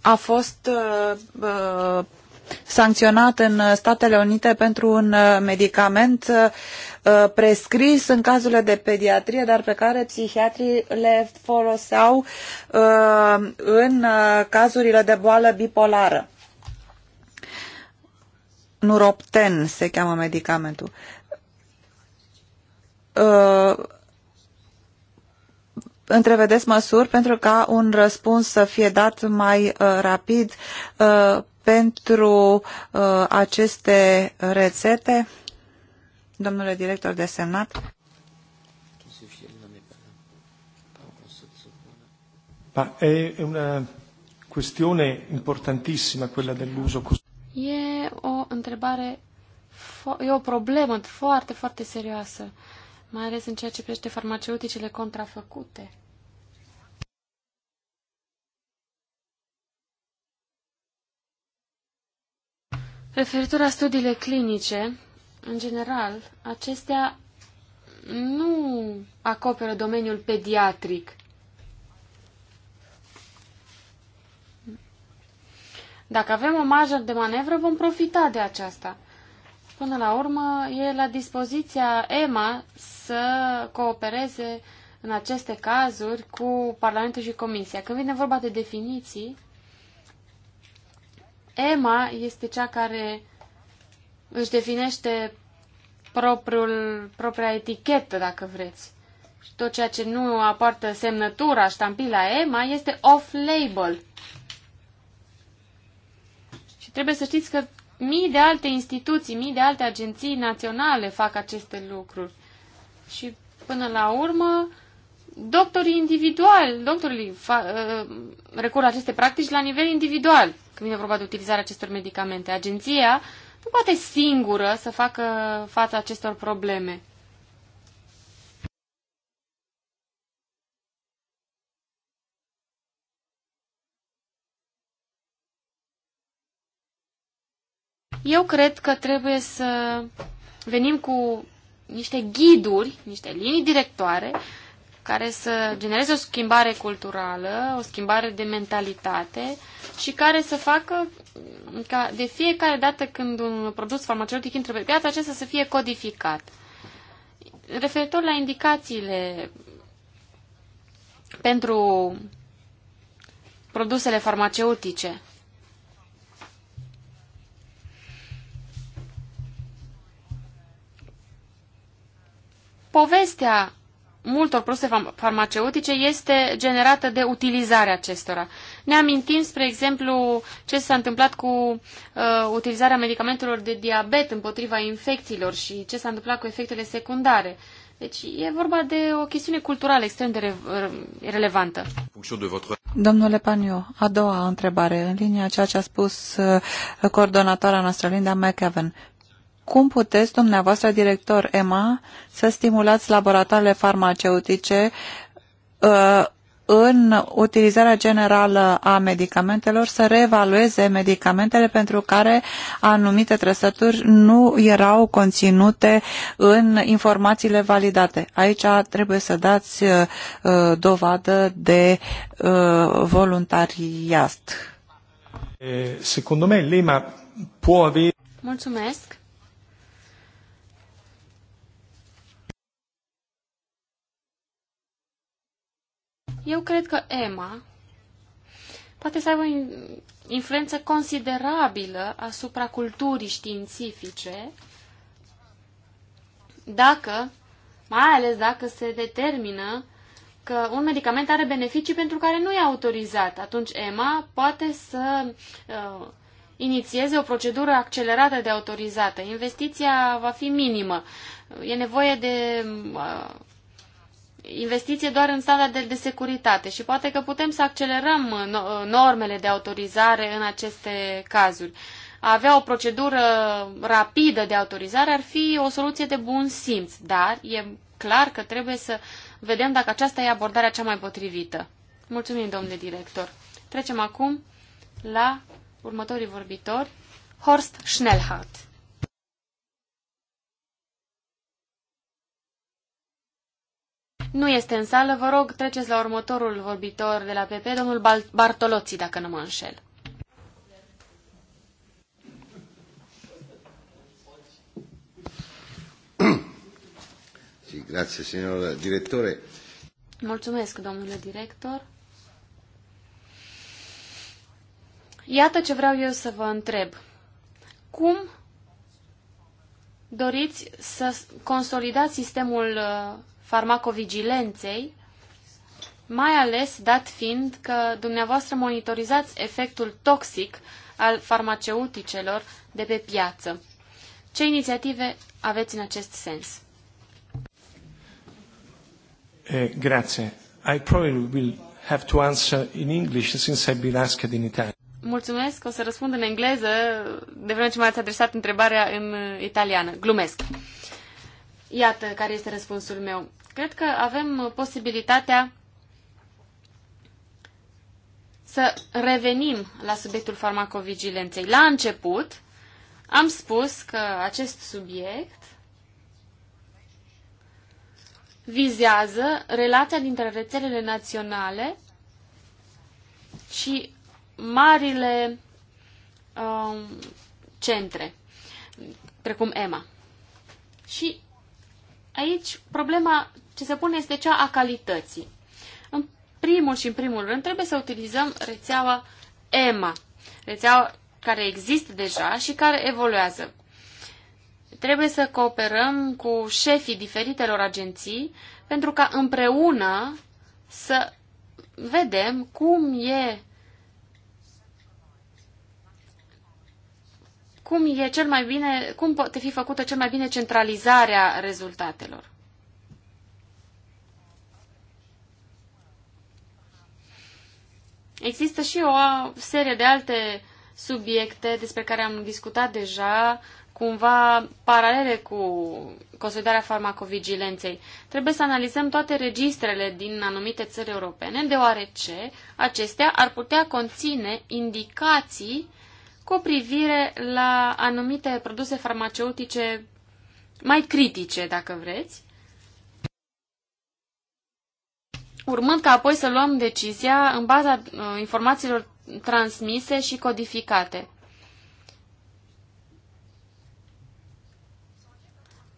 a fost uh, uh sancționat în Statele Unite pentru un uh, medicament uh, uh, prescris în cazurile de pediatrie, dar pe care psihiatrii le foloseau în cazurile de boală bipolară. Nuropten se cheamă medicamentul întrevedeți măsuri pentru ca un răspuns să fie dat mai rapid pentru uh, aceste rețete? Domnule director de semnat. Ma è una questione importantissima quella dell'uso E o întrebare, e o problemă foarte, foarte serioasă, mai ales în ceea ce privește farmaceuticele contrafăcute. Referitor la studiile clinice, în general, acestea nu acoperă domeniul pediatric. Dacă avem o marjă de manevră, vom profita de aceasta. Până la urmă, e la dispoziția EMA să coopereze în aceste cazuri cu Parlamentul și Comisia. Când vine vorba de definiții, EMA este cea care își definește propriul, propria etichetă, dacă vreți. Și tot ceea ce nu aparte semnătura, ștampila EMA, este off-label. Și trebuie să știți că mii de alte instituții, mii de alte agenții naționale fac aceste lucruri. Și până la urmă, doctorii individual, doctorii fa, uh, recurg la aceste practici la nivel individual când vine vorba de utilizarea acestor medicamente. Agenția nu poate singură să facă fața acestor probleme. Eu cred că trebuie să venim cu niște ghiduri, niște linii directoare care să genereze o schimbare culturală, o schimbare de mentalitate și care să facă ca de fiecare dată când un produs farmaceutic intră pe piață, acesta să fie codificat. Referitor la indicațiile pentru produsele farmaceutice, povestea multor produse farmaceutice este generată de utilizarea acestora. Ne amintim, spre exemplu, ce s-a întâmplat cu uh, utilizarea medicamentelor de diabet împotriva infecțiilor și ce s-a întâmplat cu efectele secundare. Deci e vorba de o chestiune culturală extrem de re relevantă. Domnule Paniu, a doua întrebare, în linia ceea ce a spus uh, coordonatoarea noastră, Linda McEwen cum puteți dumneavoastră, director EMA, să stimulați laboratoarele farmaceutice uh, în utilizarea generală a medicamentelor să reevalueze medicamentele pentru care anumite trăsături nu erau conținute în informațiile validate. Aici trebuie să dați uh, uh dovadă de uh, voluntariat. Eh, secondo me, l'EMA può avere... Mulțumesc. Eu cred că Emma poate să aibă influență considerabilă asupra culturii științifice dacă, mai ales dacă se determină că un medicament are beneficii pentru care nu e autorizat. Atunci EMA poate să uh, inițieze o procedură accelerată de autorizată. Investiția va fi minimă. E nevoie de uh, investiție doar în standarde de securitate și poate că putem să accelerăm uh, uh, normele de autorizare în aceste cazuri. A avea o procedură rapidă de autorizare ar fi o soluție de bun simț, dar e clar că trebuie să vedem dacă aceasta e abordarea cea mai potrivită. Mulțumim, domnule director. Trecem acum la următorii vorbitori. Horst Schnellhardt. Nu este în sală. Vă rog, treceți la următorul vorbitor de la PP, domnul Bartoloții, dacă nu mă înșel. Sì, grazie signor direttore. Mulțumesc, domnule director. Iată ce vreau eu să vă întreb. Cum doriți să consolidați sistemul uh, farmacovigilenței, mai ales dat fiind că dumneavoastră monitorizați efectul toxic al farmaceuticelor de pe piață. Ce inițiative aveți în acest sens? Eh, Mulțumesc, o să răspund în engleză, de vreme ce m-ați adresat întrebarea în italiană. Glumesc. Uh, Iată care este răspunsul meu. Cred că avem posibilitatea să revenim la subiectul farmacovigilenței. La început am spus că acest subiect vizează relația dintre rețelele naționale și marile um, centre, precum EMA. Și Aici problema ce se pune este cea a calității. În primul și în primul rând trebuie să utilizăm rețeaua EMA, rețeaua care există deja și care evoluează. Trebuie să cooperăm cu șefii diferitelor agenții pentru ca împreună să vedem cum e cum, e cel mai bine, cum poate fi făcută cel mai bine centralizarea rezultatelor. Există și o serie de alte subiecte despre care am discutat deja, cumva paralele cu consolidarea farmacovigilenței. Trebuie să analizăm toate registrele din anumite țări europene, deoarece acestea ar putea conține indicații cu privire la anumite produse farmaceutice mai critice, dacă vreți, urmând ca apoi să luăm decizia în baza uh, informațiilor transmise și codificate.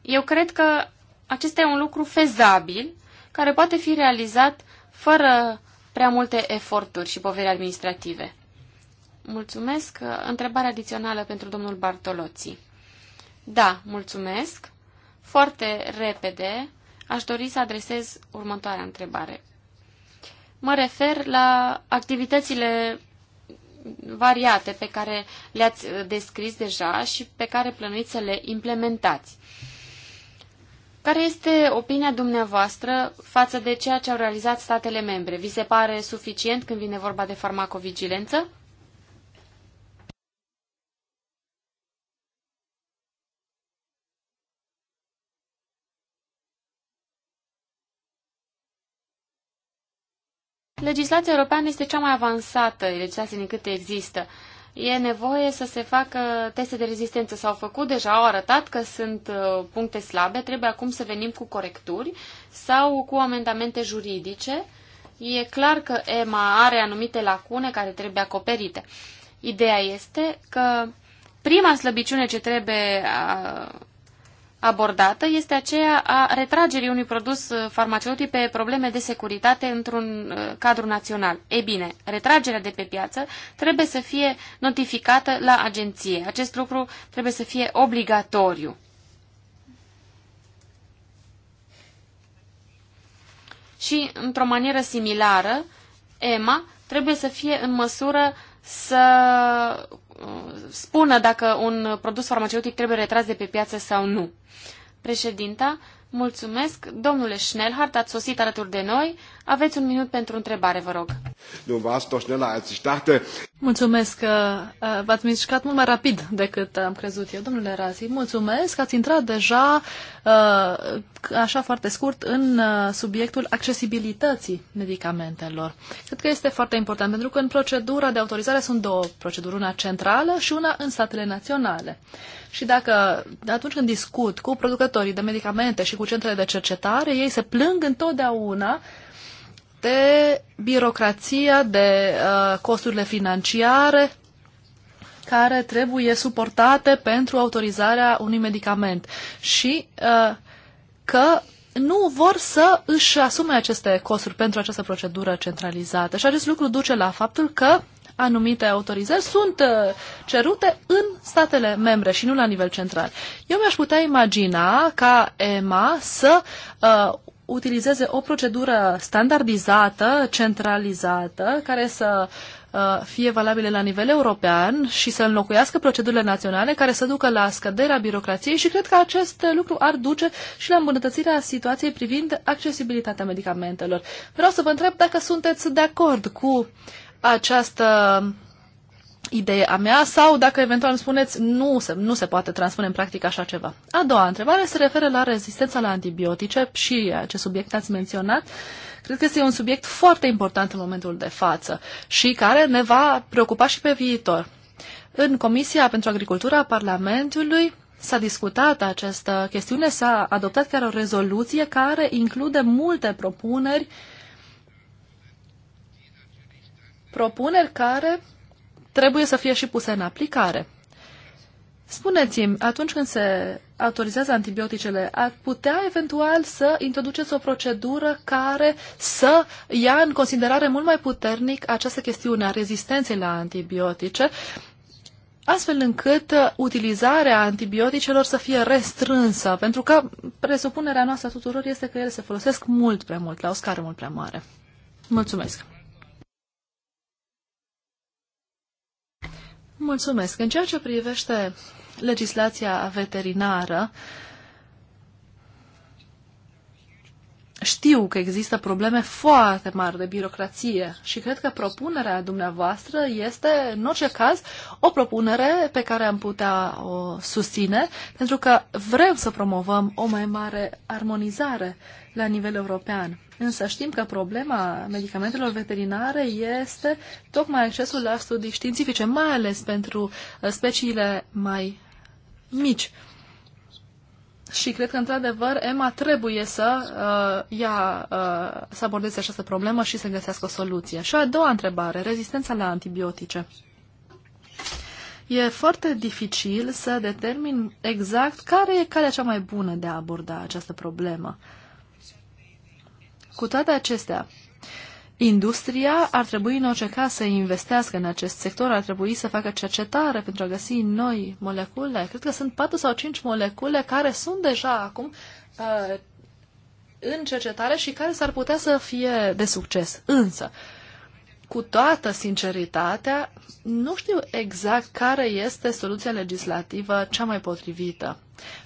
Eu cred că acesta e un lucru fezabil, care poate fi realizat fără prea multe eforturi și poveri administrative. Mulțumesc. Întrebare adițională pentru domnul Bartoloții. Da, mulțumesc. Foarte repede aș dori să adresez următoarea întrebare. Mă refer la activitățile variate pe care le-ați descris deja și pe care plănuiți să le implementați. Care este opinia dumneavoastră față de ceea ce au realizat statele membre? Vi se pare suficient când vine vorba de farmacovigilență? Legislația europeană este cea mai avansată legislație din câte există. E nevoie să se facă teste de rezistență. S-au făcut deja, au arătat că sunt uh, puncte slabe, trebuie acum să venim cu corecturi sau cu amendamente juridice. E clar că EMA are anumite lacune care trebuie acoperite. Ideea este că prima slăbiciune ce trebuie uh, abordată este aceea a retragerii unui produs uh, farmaceutic pe probleme de securitate într-un uh, cadru național. Ei bine, retragerea de pe piață trebuie să fie notificată la agenție. Acest lucru trebuie să fie obligatoriu. Și, într-o manieră similară, EMA trebuie să fie în măsură să Uh, spună dacă un produs farmaceutic trebuie retras de pe piață sau nu. Președinta, mulțumesc. Domnule Schnellhardt, ați sosit alături de noi. Aveți un minut pentru întrebare, vă rog. Nu, v-ați tot schneller als ich dachte. Mulțumesc că uh, v-ați mișcat mult mai rapid decât uh, am crezut eu, domnule Razi. Mulțumesc că ați intrat deja, uh, așa foarte scurt, în subiectul accesibilității medicamentelor. Cred că este foarte important, pentru că în procedura de autorizare sunt două proceduri, una centrală și una în statele naționale. Și dacă atunci când discut cu producătorii de medicamente și cu centrele de cercetare, ei se plâng întotdeauna de birocrația, de uh, costurile financiare care trebuie suportate pentru autorizarea unui medicament și uh, că nu vor să își asume aceste costuri pentru această procedură centralizată. Și acest lucru duce la faptul că anumite autorizări sunt uh, cerute în statele membre și nu la nivel central. Eu mi-aș putea imagina ca EMA să uh, utilizeze o procedură standardizată, centralizată, care să uh, fie valabile la nivel european și să înlocuiască procedurile naționale care să ducă la scăderea birocrației și cred că acest lucru ar duce și la îmbunătățirea situației privind accesibilitatea medicamentelor. Vreau să vă întreb dacă sunteți de acord cu această ideea mea sau dacă eventual îmi spuneți nu se, nu se poate transpune în practică așa ceva. A doua întrebare se referă la rezistența la antibiotice și acest subiect ați menționat. Cred că este un subiect foarte important în momentul de față și care ne va preocupa și pe viitor. În Comisia pentru Agricultura a Parlamentului s-a discutat această chestiune, s-a adoptat chiar o rezoluție care include multe propuneri propuneri care trebuie să fie și puse în aplicare. Spuneți-mi, atunci când se autorizează antibioticele, ar putea eventual să introduceți o procedură care să ia în considerare mult mai puternic această chestiune a rezistenței la antibiotice, astfel încât uh, utilizarea antibioticelor să fie restrânsă, pentru că presupunerea noastră a tuturor este că ele se folosesc mult prea mult, la o scară mult prea mare. Mulțumesc! Mulțumesc. În ceea ce privește legislația veterinară, știu că există probleme foarte mari de birocrație și cred că propunerea dumneavoastră este, în orice caz, o propunere pe care am putea o susține, pentru că vrem să promovăm o mai mare armonizare la nivel european. Însă știm că problema medicamentelor veterinare este tocmai accesul la studii științifice, mai ales pentru uh, speciile mai mici. Și cred că, într-adevăr, EMA trebuie să uh, ia, uh, să abordeze această problemă și să găsească o soluție. Și a doua întrebare, rezistența la antibiotice. E foarte dificil să determin exact care e calea cea mai bună de a aborda această problemă. Uh, cu toate acestea, Industria ar trebui în orice caz să investească în acest sector, ar trebui să facă cercetare pentru a găsi noi molecule. Cred că sunt 4 sau 5 molecule care sunt deja acum uh, în cercetare și care s-ar putea să fie de succes. Însă, uh, cu toată sinceritatea, nu știu exact care este soluția legislativă cea mai potrivită.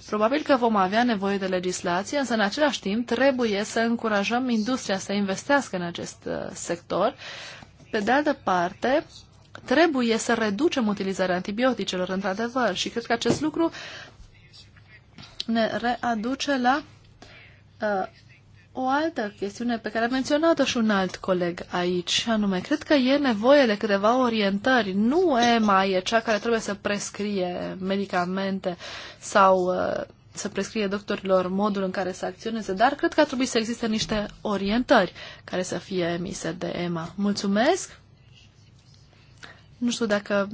Probabil că vom avea nevoie de legislație, însă în același timp trebuie să încurajăm industria să investească în acest uh, sector. Pe de altă parte, trebuie să reducem utilizarea antibioticelor, într-adevăr, și cred că acest lucru ne readuce la uh, o altă chestiune pe care a menționat-o și un alt coleg aici, anume, cred că e nevoie de câteva orientări. Nu EMA e cea care trebuie să prescrie medicamente sau uh, să prescrie doctorilor modul în care să acționeze, dar cred că ar trebui să existe niște orientări care să fie emise de EMA. Mulțumesc! Nu știu dacă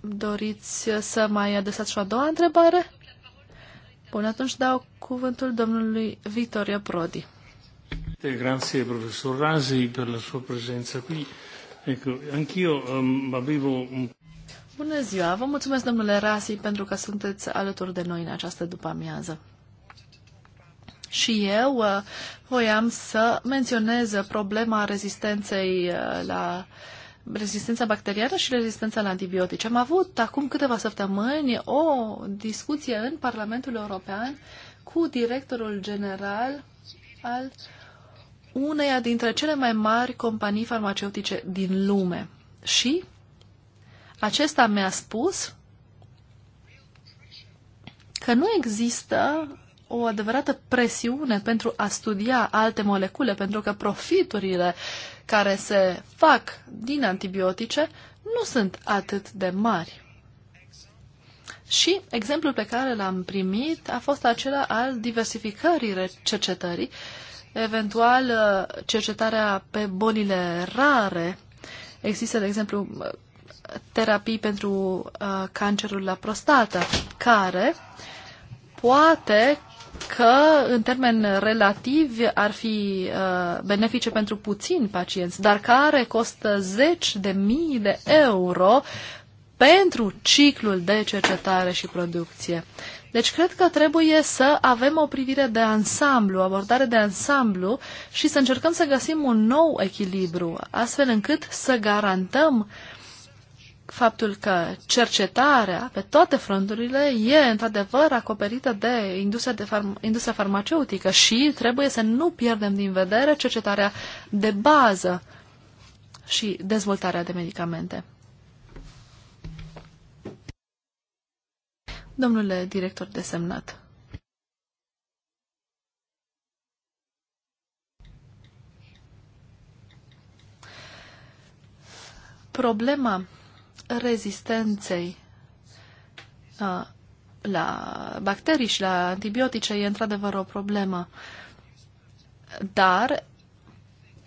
doriți să mai adresați și o a doua întrebare? Bun, atunci dau cuvântul domnului Vittorio Prodi. Grazie professor Rasi per la sua presenza qui. Ecco, anch'io um, ehm, avevo un... Bună ziua! Vă mulțumesc, domnule Rasi, pentru că sunteți alături de noi în această după-amiază. Și eu uh, voiam să menționez problema rezistenței uh, la uh, rezistența bacteriană și rezistența la antibiotice. Am avut acum câteva săptămâni o discuție în Parlamentul European cu directorul general al uneia dintre cele mai mari companii farmaceutice din lume. Și acesta mi-a spus că nu există o adevărată presiune pentru a studia alte molecule, pentru că profiturile care se fac din antibiotice nu sunt atât de mari. Și exemplul pe care l-am primit a fost acela al diversificării cercetării, eventual uh, cercetarea pe bolile rare. Există, de exemplu, uh, terapii pentru uh, cancerul la prostată, care poate că în termen relativ ar fi uh, benefice pentru puțini pacienți, dar care costă zeci de mii de euro pentru ciclul de cercetare și producție. Deci cred că trebuie să avem o privire de ansamblu, o abordare de ansamblu și să încercăm să găsim un nou echilibru, astfel încât să garantăm uh, faptul că cercetarea pe toate fronturile e într-adevăr acoperită de industria, de farm- industria farmaceutică și trebuie să nu pierdem din vedere cercetarea de bază și dezvoltarea de medicamente. Domnule director desemnat. Problema rezistenței la bacterii și la antibiotice e într-adevăr o problemă. Dar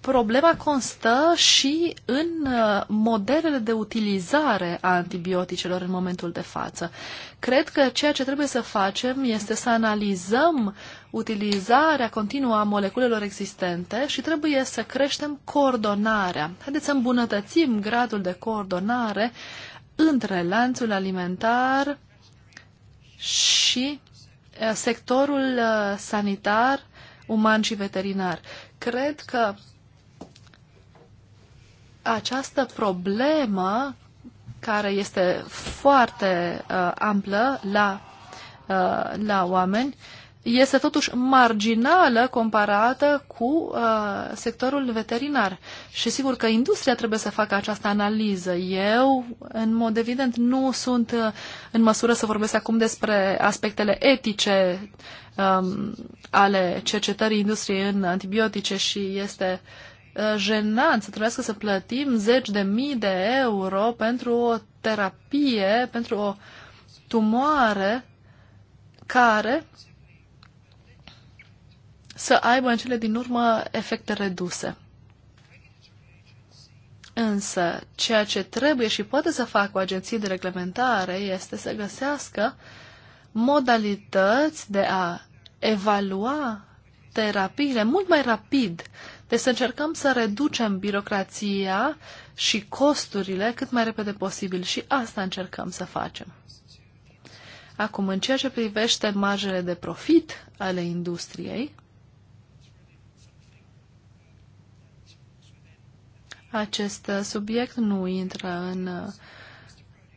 problema constă și în uh, modelele de utilizare a antibioticelor în momentul de față. Cred că ceea ce trebuie să facem este să analizăm utilizarea continuă a moleculelor existente și trebuie să creștem coordonarea. Haideți să îmbunătățim gradul de coordonare între lanțul alimentar și uh, sectorul uh, sanitar, uman și veterinar. Cred că această problemă care este foarte uh, amplă la, uh, la oameni este totuși marginală comparată cu uh, sectorul veterinar. Și sigur că industria trebuie să facă această analiză. Eu, în mod evident, nu sunt uh, în măsură să vorbesc acum despre aspectele etice um, ale cercetării industriei în antibiotice și este uh, Uh, jenant să trebuiască să plătim zeci de mii de euro pentru o terapie, pentru o tumoare care să aibă în cele din urmă efecte reduse. Însă, ceea ce trebuie și poate să facă o agenție de reglementare este să găsească modalități de a evalua terapiile mult mai rapid uh, deci să încercăm să reducem birocrația și costurile cât mai repede posibil și asta încercăm să facem. Acum, în ceea ce privește marjele de profit ale industriei, acest uh, subiect nu intră în uh,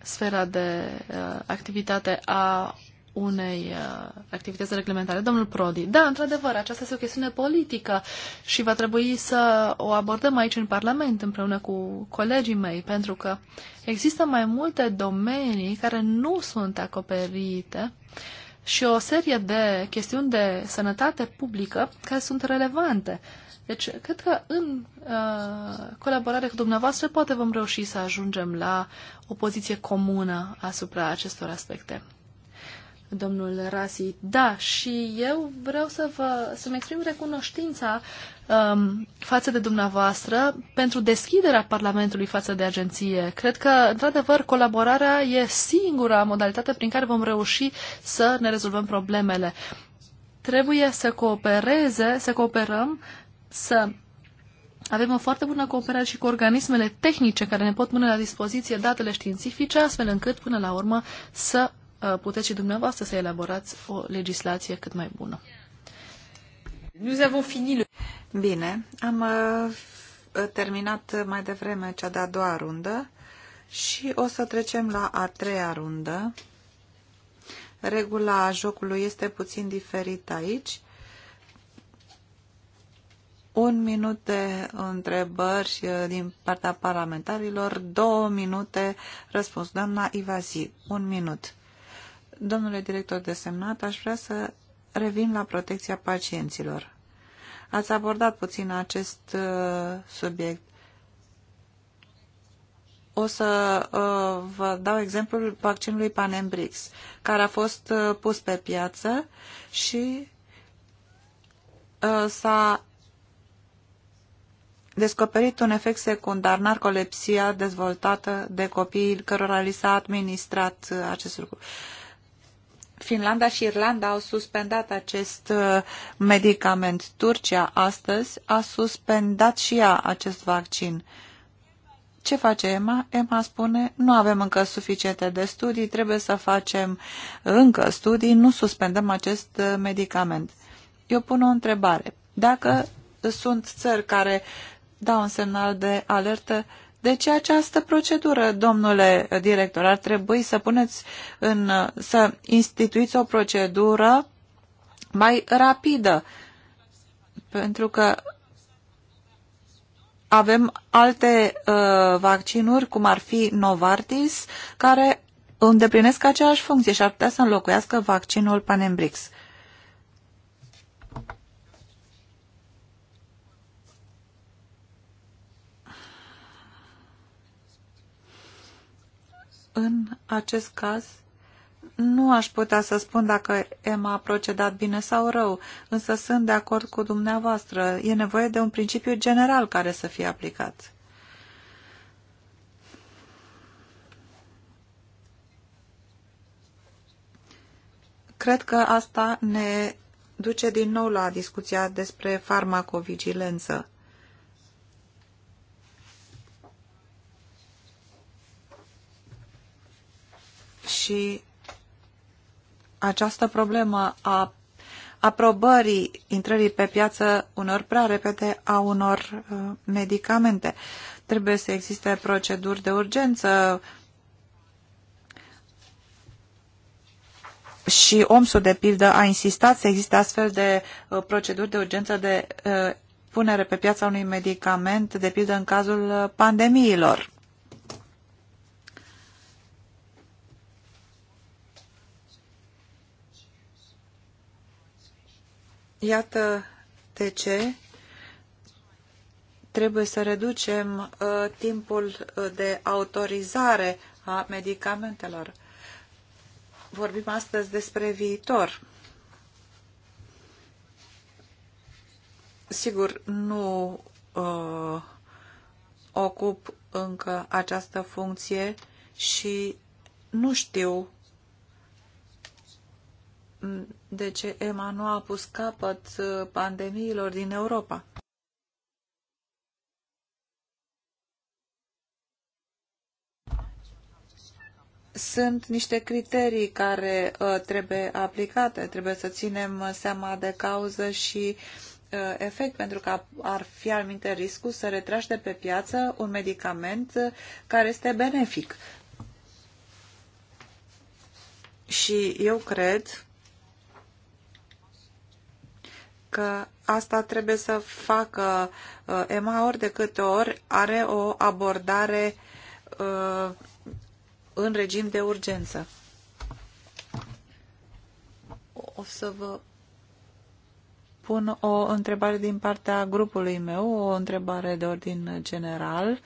sfera de uh, activitate a unei uh, activități reglementare. Domnul Prodi, da, într-adevăr, aceasta este o chestiune politică și va trebui să o abordăm aici în Parlament împreună cu colegii mei, pentru că există mai multe domenii care nu sunt acoperite și o serie de chestiuni de sănătate publică care sunt relevante. Deci, cred că în uh, colaborare cu dumneavoastră poate vom reuși să ajungem la o poziție comună asupra acestor aspecte domnul Rasi. Da, și eu vreau să vă, să-mi exprim recunoștința um, față de dumneavoastră pentru deschiderea Parlamentului față de agenție. Cred că, într-adevăr, colaborarea e singura modalitate prin care vom reuși să ne rezolvăm problemele. Trebuie să coopereze, să cooperăm, să avem o foarte bună cooperare și cu organismele tehnice care ne pot pune la dispoziție datele științifice, astfel încât, până la urmă, să Uh, puteți și dumneavoastră să elaborați o legislație cât mai bună. Bine, am uh, terminat mai devreme cea de-a doua rundă și o să trecem la a treia rundă. Regula jocului este puțin diferită aici. Un minut de întrebări uh, din partea parlamentarilor, două minute răspuns. Doamna Ivazi, un minut. Domnule director desemnat, aș vrea să revin la protecția pacienților. Ați abordat puțin acest uh, subiect. O să uh, vă dau exemplul vaccinului Panembrix, care a fost uh, pus pe piață și uh, s-a descoperit un efect secundar, narcolepsia dezvoltată de copii cărora li s-a administrat uh, acest lucru. Uh, Finlanda și Irlanda au suspendat acest uh, medicament. Turcia astăzi a suspendat și ea acest vaccin. Ce face EMA? EMA spune, nu avem încă suficiente de studii, trebuie să facem încă studii, nu suspendăm acest uh, medicament. Eu pun o întrebare. Dacă sunt țări care dau un semnal de alertă, deci această procedură, domnule director, ar trebui să puneți în, să instituiți o procedură mai rapidă, pentru că avem alte uh, vaccinuri, cum ar fi Novartis, care îndeplinesc aceeași funcție și ar putea să înlocuiască vaccinul Panembrix. în acest caz nu aș putea să spun dacă Emma a procedat bine sau rău, însă sunt de acord cu dumneavoastră. E nevoie de un principiu general care să fie aplicat. Cred că asta ne duce din nou la discuția despre farmacovigilență. și această problemă a aprobării intrării pe piață unor prea repede a unor uh, medicamente. Trebuie să existe proceduri de urgență și OMSU, de pildă, a insistat să existe astfel de uh, proceduri de urgență de uh, punere pe piața unui medicament, de pildă în cazul pandemiilor. Iată de ce trebuie să reducem uh, timpul uh, de autorizare a medicamentelor. Vorbim astăzi despre viitor. Sigur, nu uh, ocup încă această funcție și nu știu de ce EMA nu a pus capăt uh, pandemiilor din Europa. Sunt niște criterii care uh, trebuie aplicate, trebuie să ținem seama de cauză și uh, efect, pentru că ar fi alminte riscul să retrași de pe piață un medicament uh, care este benefic. Și eu cred că asta trebuie să facă uh, Emma ori de câte ori are o abordare uh, în regim de urgență. O să vă pun o întrebare din partea grupului meu, o întrebare de ordin general.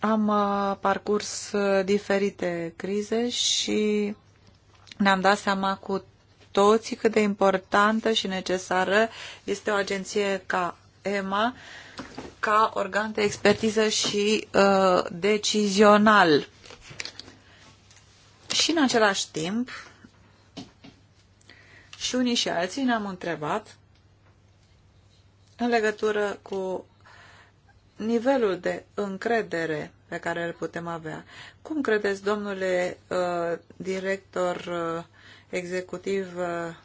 Am uh, parcurs diferite crize și ne-am dat seama cu toții cât de importantă și necesară este o agenție ca EMA, ca organ de expertiză și uh, decizional. Și în același timp, și unii și alții ne-am întrebat în legătură cu nivelul de încredere pe care îl putem avea. Cum credeți, domnule uh, director uh, executiv uh,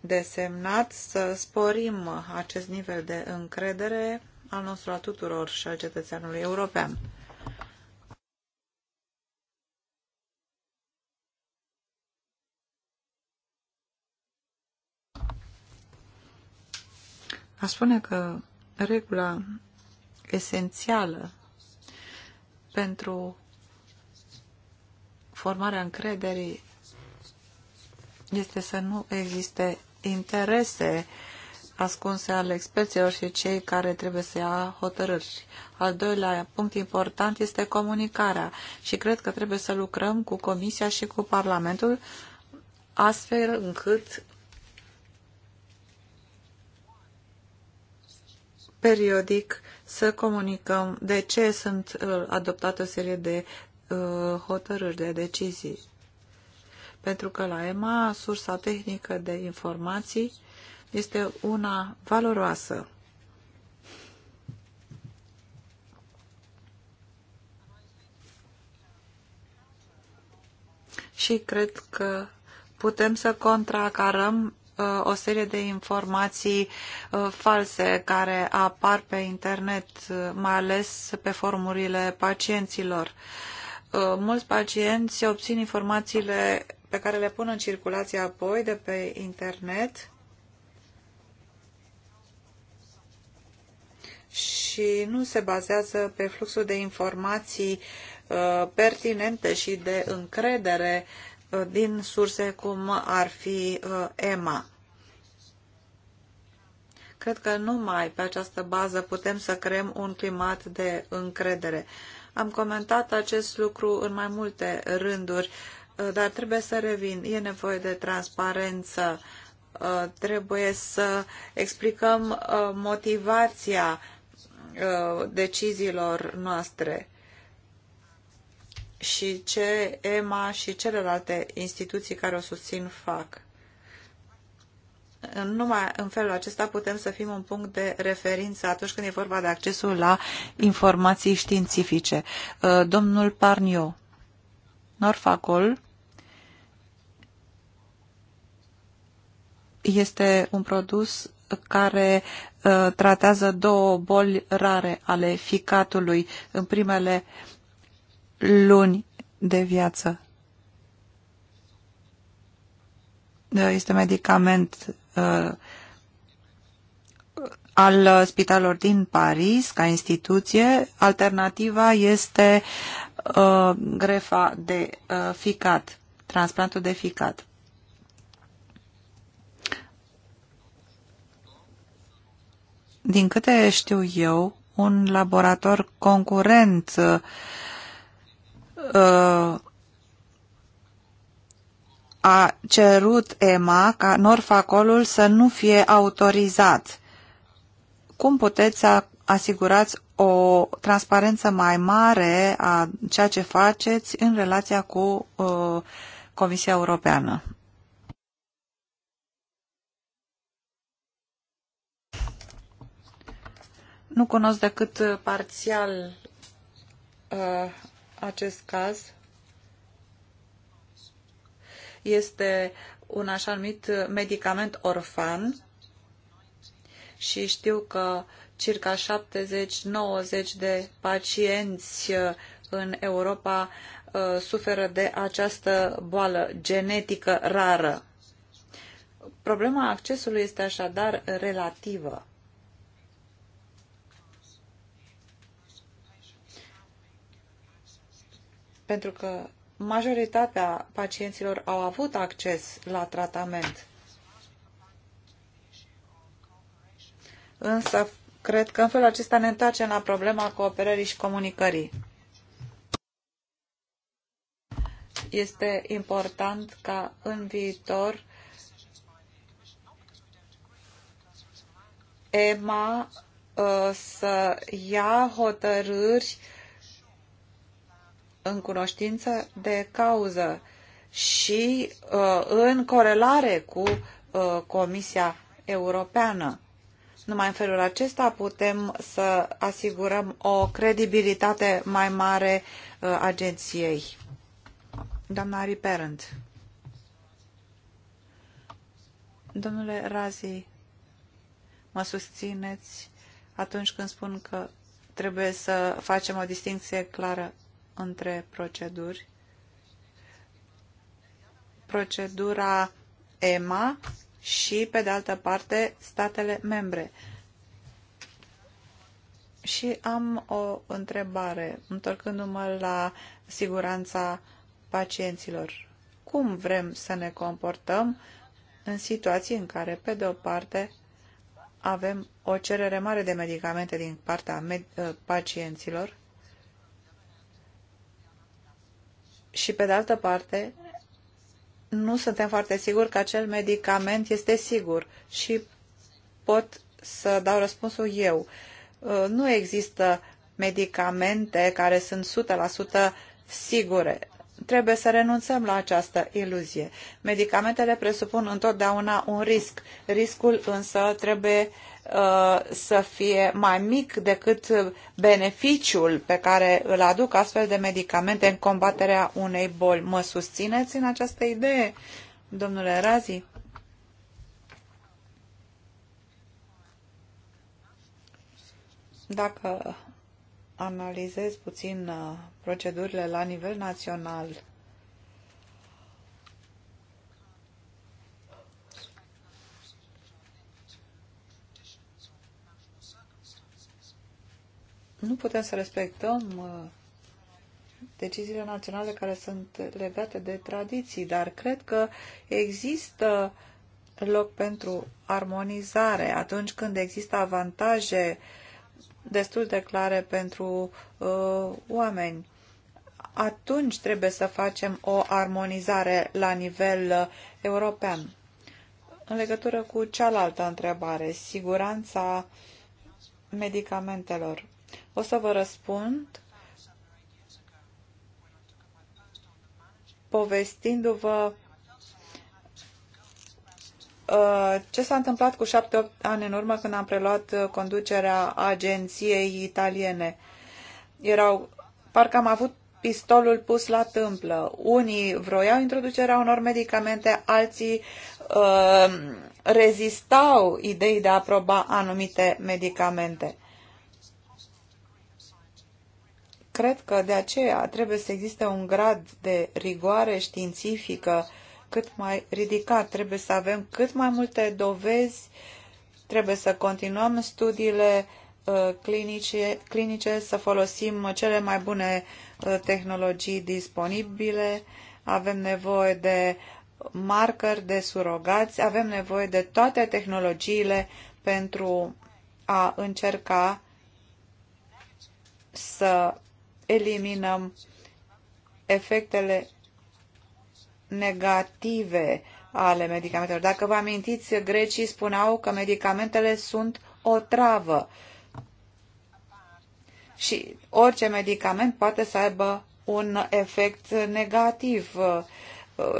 desemnat, să sporim acest nivel de încredere al nostru a tuturor și al cetățeanului european? A spune că regula esențială pentru formarea încrederii este să nu existe interese ascunse ale experților și cei care trebuie să ia hotărâri. Al doilea punct important este comunicarea și cred că trebuie să lucrăm cu Comisia și cu Parlamentul astfel încât periodic să comunicăm de ce sunt uh, adoptate o serie de uh, hotărâri, de decizii. Pentru că la EMA sursa tehnică de informații este una valoroasă. Și cred că putem să contracarăm o serie de informații uh, false care apar pe internet, uh, mai ales pe formurile pacienților. Uh, mulți pacienți obțin informațiile pe care le pun în circulație apoi de pe internet și nu se bazează pe fluxul de informații pertinente și de încredere Uh, din surse cum ar fi uh, EMA. Cred că numai pe această bază putem să creăm un climat de încredere. Am comentat acest lucru în mai multe rânduri, uh, dar trebuie să revin. E nevoie de transparență, trebuie să explicăm motivația deciziilor noastre și ce EMA și celelalte instituții care o susțin fac. Numai în felul acesta putem să fim un punct de referință atunci când e vorba de accesul la informații științifice. Uh, domnul Parnio, Norfacol este un produs care uh, tratează două boli rare ale ficatului. În primele uh, luni de viață. Da, este medicament uh, al spitalelor din Paris ca instituție. Alternativa este uh, grefa de uh, ficat, transplantul de ficat. Din câte știu eu, un laborator concurent uh, Uh, a cerut EMA ca norfacolul să nu fie autorizat. Cum puteți să asigurați o transparență mai mare a ceea ce faceți în relația cu uh, Comisia Europeană? Nu cunosc decât uh, parțial uh, acest caz este un așa numit medicament orfan și știu că circa 70-90 de pacienți uh, în Europa uh, suferă de această boală genetică rară. Problema accesului este așadar relativă. pentru că majoritatea pacienților au avut acces la tratament. Însă, cred că în felul acesta ne întoarcem la problema cooperării și comunicării. Este important ca în viitor EMA uh, să ia hotărâri în cunoștință de cauză și uh, în corelare cu uh, Comisia Europeană. Numai în felul acesta putem să asigurăm o credibilitate mai mare uh, agenției. Doamna Riperent. Domnule Razi, mă susțineți atunci când spun că trebuie să facem o distinție clară între proceduri. Procedura EMA și, pe de altă parte, statele membre. Și am o întrebare, întorcându-mă la siguranța pacienților. Cum vrem să ne comportăm în situații în care, pe de o parte, avem o cerere mare de medicamente din partea pacienților și pe de altă parte nu suntem foarte siguri că acel medicament este sigur și pot să dau răspunsul eu. Uh, nu există medicamente care sunt 100% sigure. Trebuie să renunțăm la această iluzie. Medicamentele presupun întotdeauna un risc. Riscul însă trebuie uh, Uh, să fie mai mic decât beneficiul pe care îl aduc astfel de medicamente în combaterea unei boli. Mă susțineți în această idee, domnule Razi? Dacă analizez puțin uh, procedurile la nivel național nu putem să respectăm uh, deciziile naționale care sunt legate de tradiții, dar cred că există loc pentru armonizare atunci când există avantaje destul de clare pentru uh, oameni. Atunci trebuie să facem o armonizare la nivel uh, european. În legătură cu cealaltă întrebare, siguranța medicamentelor. O să vă răspund povestindu-vă uh, ce s-a întâmplat cu șapte ani în urmă când am preluat conducerea agenției italiene. Erau, parcă am avut pistolul pus la tâmplă. Unii vroiau introducerea unor medicamente, alții uh, rezistau ideii de a aproba anumite medicamente. Cred că de aceea trebuie să existe un grad de rigoare științifică cât mai ridicat. Trebuie să avem cât mai multe dovezi, trebuie să continuăm studiile uh, clinice, clinice, să folosim cele mai bune uh, tehnologii disponibile, avem nevoie de marcări, de surogați, avem nevoie de toate tehnologiile pentru a încerca să eliminăm efectele negative ale medicamentelor. Dacă vă amintiți, grecii spuneau că medicamentele sunt o travă și orice medicament poate să aibă un efect negativ.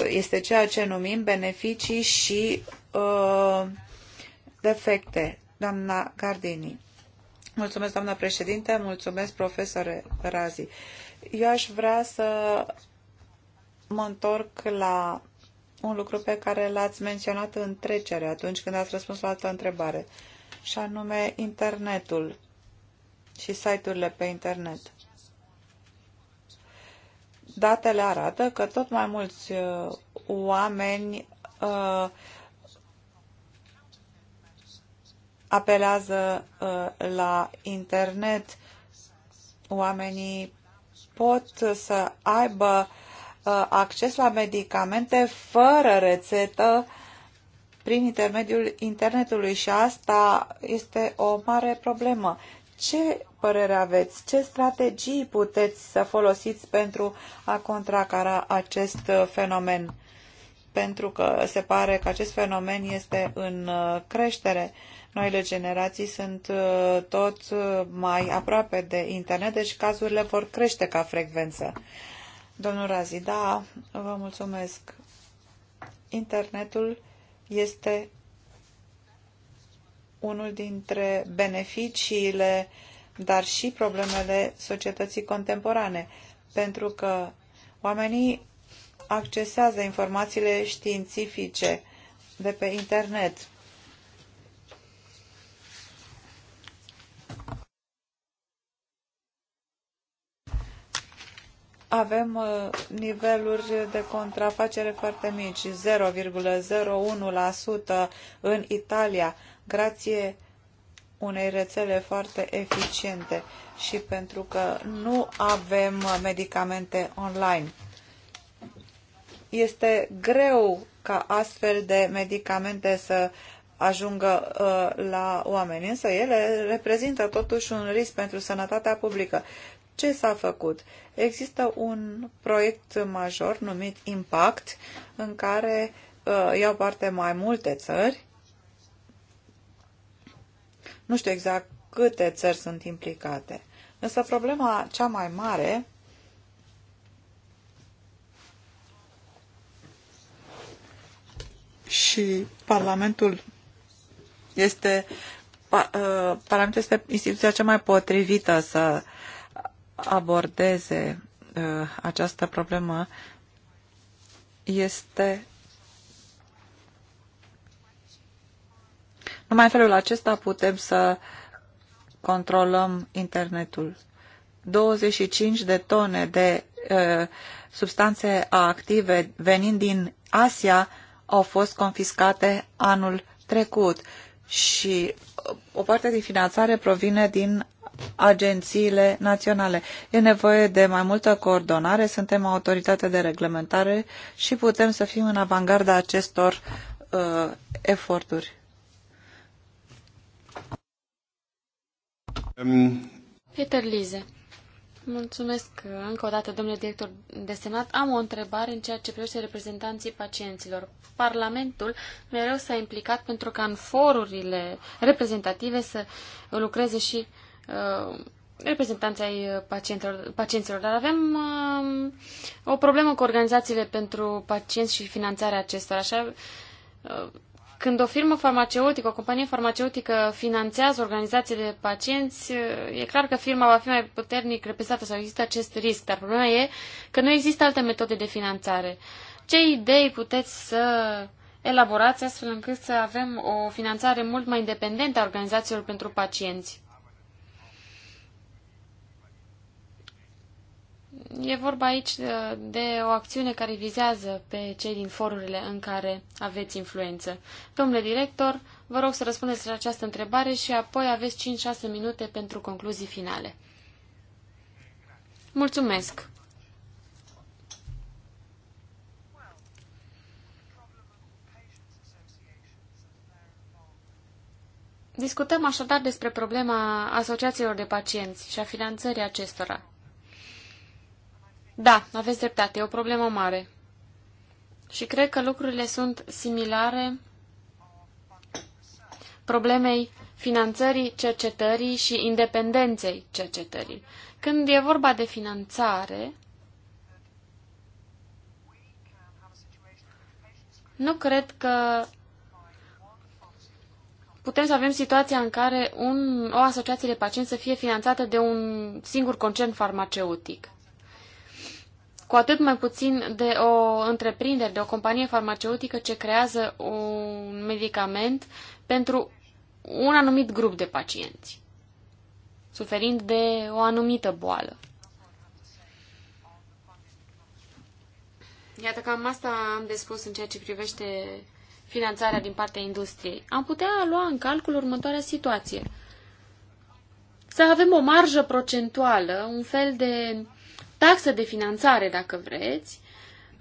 Este ceea ce numim beneficii și uh, defecte. Doamna Gardini. Mulțumesc, doamna președinte, mulțumesc, profesor Razi. Eu aș vrea să mă întorc la un lucru pe care l-ați menționat în trecere atunci când ați răspuns la altă întrebare, și anume internetul și site-urile pe internet. Datele arată că tot mai mulți uh, oameni uh, apelează uh, la internet. Oamenii pot să aibă uh, acces la medicamente fără rețetă prin intermediul internetului și asta este o mare problemă. Ce părere aveți? Ce strategii puteți să folosiți pentru a contracara acest uh, fenomen? Pentru că se pare că acest fenomen este în creștere. Noile generații sunt uh, tot uh, mai aproape de internet, deci cazurile vor crește ca frecvență. Domnul Razi, da, vă mulțumesc. Internetul este unul dintre beneficiile, dar și problemele societății contemporane, pentru că oamenii accesează informațiile științifice de pe internet. avem uh, niveluri de contrafacere foarte mici, 0,01% în Italia, grație unei rețele foarte eficiente și pentru că nu avem medicamente online. Este greu ca astfel de medicamente să ajungă uh, la oameni, însă ele reprezintă totuși un risc pentru sănătatea publică ce s-a făcut? Există un proiect major numit Impact, în care uh, iau parte mai multe țări. Nu știu exact câte țări sunt implicate. Însă problema cea mai mare și Parlamentul este uh, Parlamentul este instituția cea mai potrivită să uh, abordeze uh, această problemă este numai în felul acesta putem să controlăm internetul. 25 de tone de uh, substanțe active venind din Asia au fost confiscate anul trecut și o parte din finanțare provine din agențiile naționale. E nevoie de mai multă coordonare, suntem autoritate de reglementare și putem să fim în avangarda acestor uh, eforturi. Peter Lize. Mulțumesc încă o dată, domnule director de senat. Am o întrebare în ceea ce privește reprezentanții pacienților. Parlamentul mereu s-a implicat pentru ca în forurile reprezentative să lucreze și uh, Uh, reprezentanții ai uh, pacientelor, pacienților, dar avem uh, o problemă cu organizațiile pentru pacienți și finanțarea acestora. Așa, uh, când o firmă farmaceutică, o companie farmaceutică finanțează organizațiile de pacienți, uh, e clar că firma va fi mai puternic reprezentată sau există acest risc, dar problema e că nu există alte metode de finanțare. Ce idei puteți să elaborați astfel încât să avem o finanțare mult mai independentă a organizațiilor pentru pacienți? E vorba aici uh, de o acțiune care vizează pe cei din forurile în care aveți influență. Domnule director, vă rog să răspundeți la această întrebare și apoi aveți 5-6 minute pentru concluzii finale. Mulțumesc! Discutăm așadar despre problema asociațiilor de pacienți și a finanțării acestora. Da, aveți dreptate, e o problemă mare. Și cred că lucrurile sunt similare problemei finanțării cercetării și independenței cercetării. Când e vorba de finanțare, nu cred că putem să avem situația în care un, o asociație de pacienți să fie finanțată de un singur concern farmaceutic cu atât mai puțin de o întreprindere, de o companie farmaceutică ce creează un medicament pentru un anumit grup de pacienți, suferind de o anumită boală. Iată, cam asta am de spus în ceea ce privește finanțarea din partea industriei. Am putea lua în calcul următoarea situație. Să avem o marjă procentuală, un fel de taxă de finanțare, dacă vreți,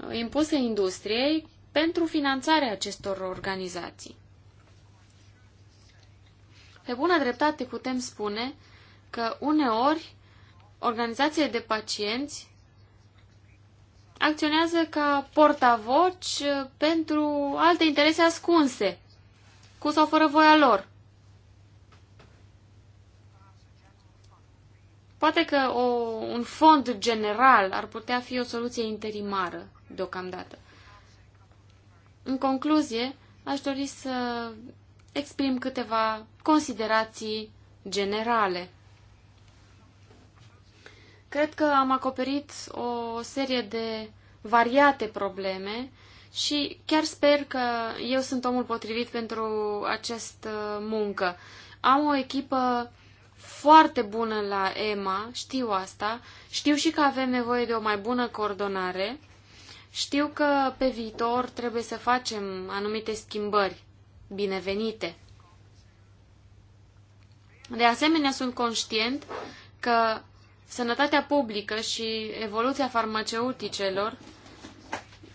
uh, impuse industriei pentru finanțarea acestor organizații. Pe bună dreptate putem spune că uneori organizațiile de pacienți acționează ca portavoci uh, pentru alte interese ascunse, cu sau fără voia lor. Poate că o, un fond general ar putea fi o soluție interimară deocamdată. În concluzie, aș dori să exprim câteva considerații generale. Cred că am acoperit o serie de variate probleme și chiar sper că eu sunt omul potrivit pentru această muncă. Am o echipă foarte bună la EMA, știu asta, știu și că avem nevoie de o mai bună coordonare, știu că pe viitor trebuie să facem anumite schimbări binevenite. De asemenea, sunt conștient că sănătatea publică și evoluția farmaceuticelor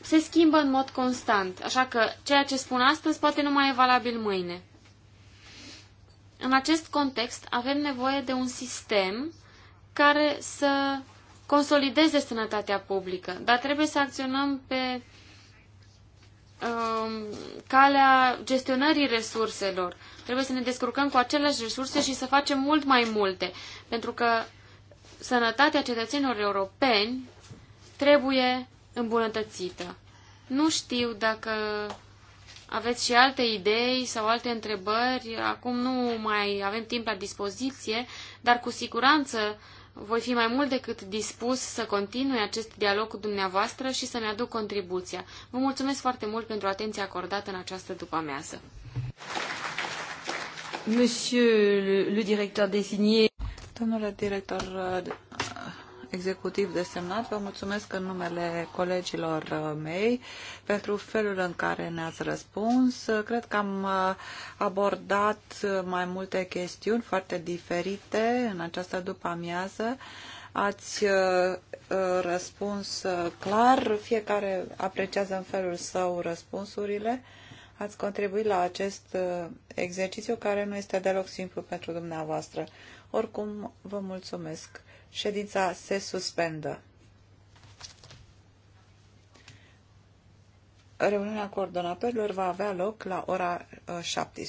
se schimbă în mod constant, așa că ceea ce spun astăzi poate nu mai e valabil mâine. În acest context avem nevoie de un sistem care să consolideze sănătatea publică, dar trebuie să acționăm pe um, calea gestionării resurselor. Trebuie să ne descurcăm cu aceleași resurse și să facem mult mai multe, pentru că sănătatea cetățenilor europeni trebuie îmbunătățită. Nu știu dacă aveți și alte idei sau alte întrebări. Acum nu mai avem timp la dispoziție, dar cu siguranță voi fi mai mult decât dispus să continui acest dialog cu dumneavoastră și să-mi aduc contribuția. Vă mulțumesc foarte mult pentru atenția acordată în această după-amiază. Monsieur le, le directeur Domnule director executiv desemnat, vă mulțumesc în numele colegilor uh, mei pentru felul în care ne-ați răspuns. Cred că am uh, abordat uh, mai multe chestiuni foarte diferite în această după-amiază. Ați răspuns clar, fiecare apreciază în felul său răspunsurile. Ați contribuit la acest exercițiu care nu este deloc simplu pentru dumneavoastră. Oricum, vă mulțumesc. Ședința se suspendă. Reuniunea coordonatorilor va avea loc la ora 17. Uh,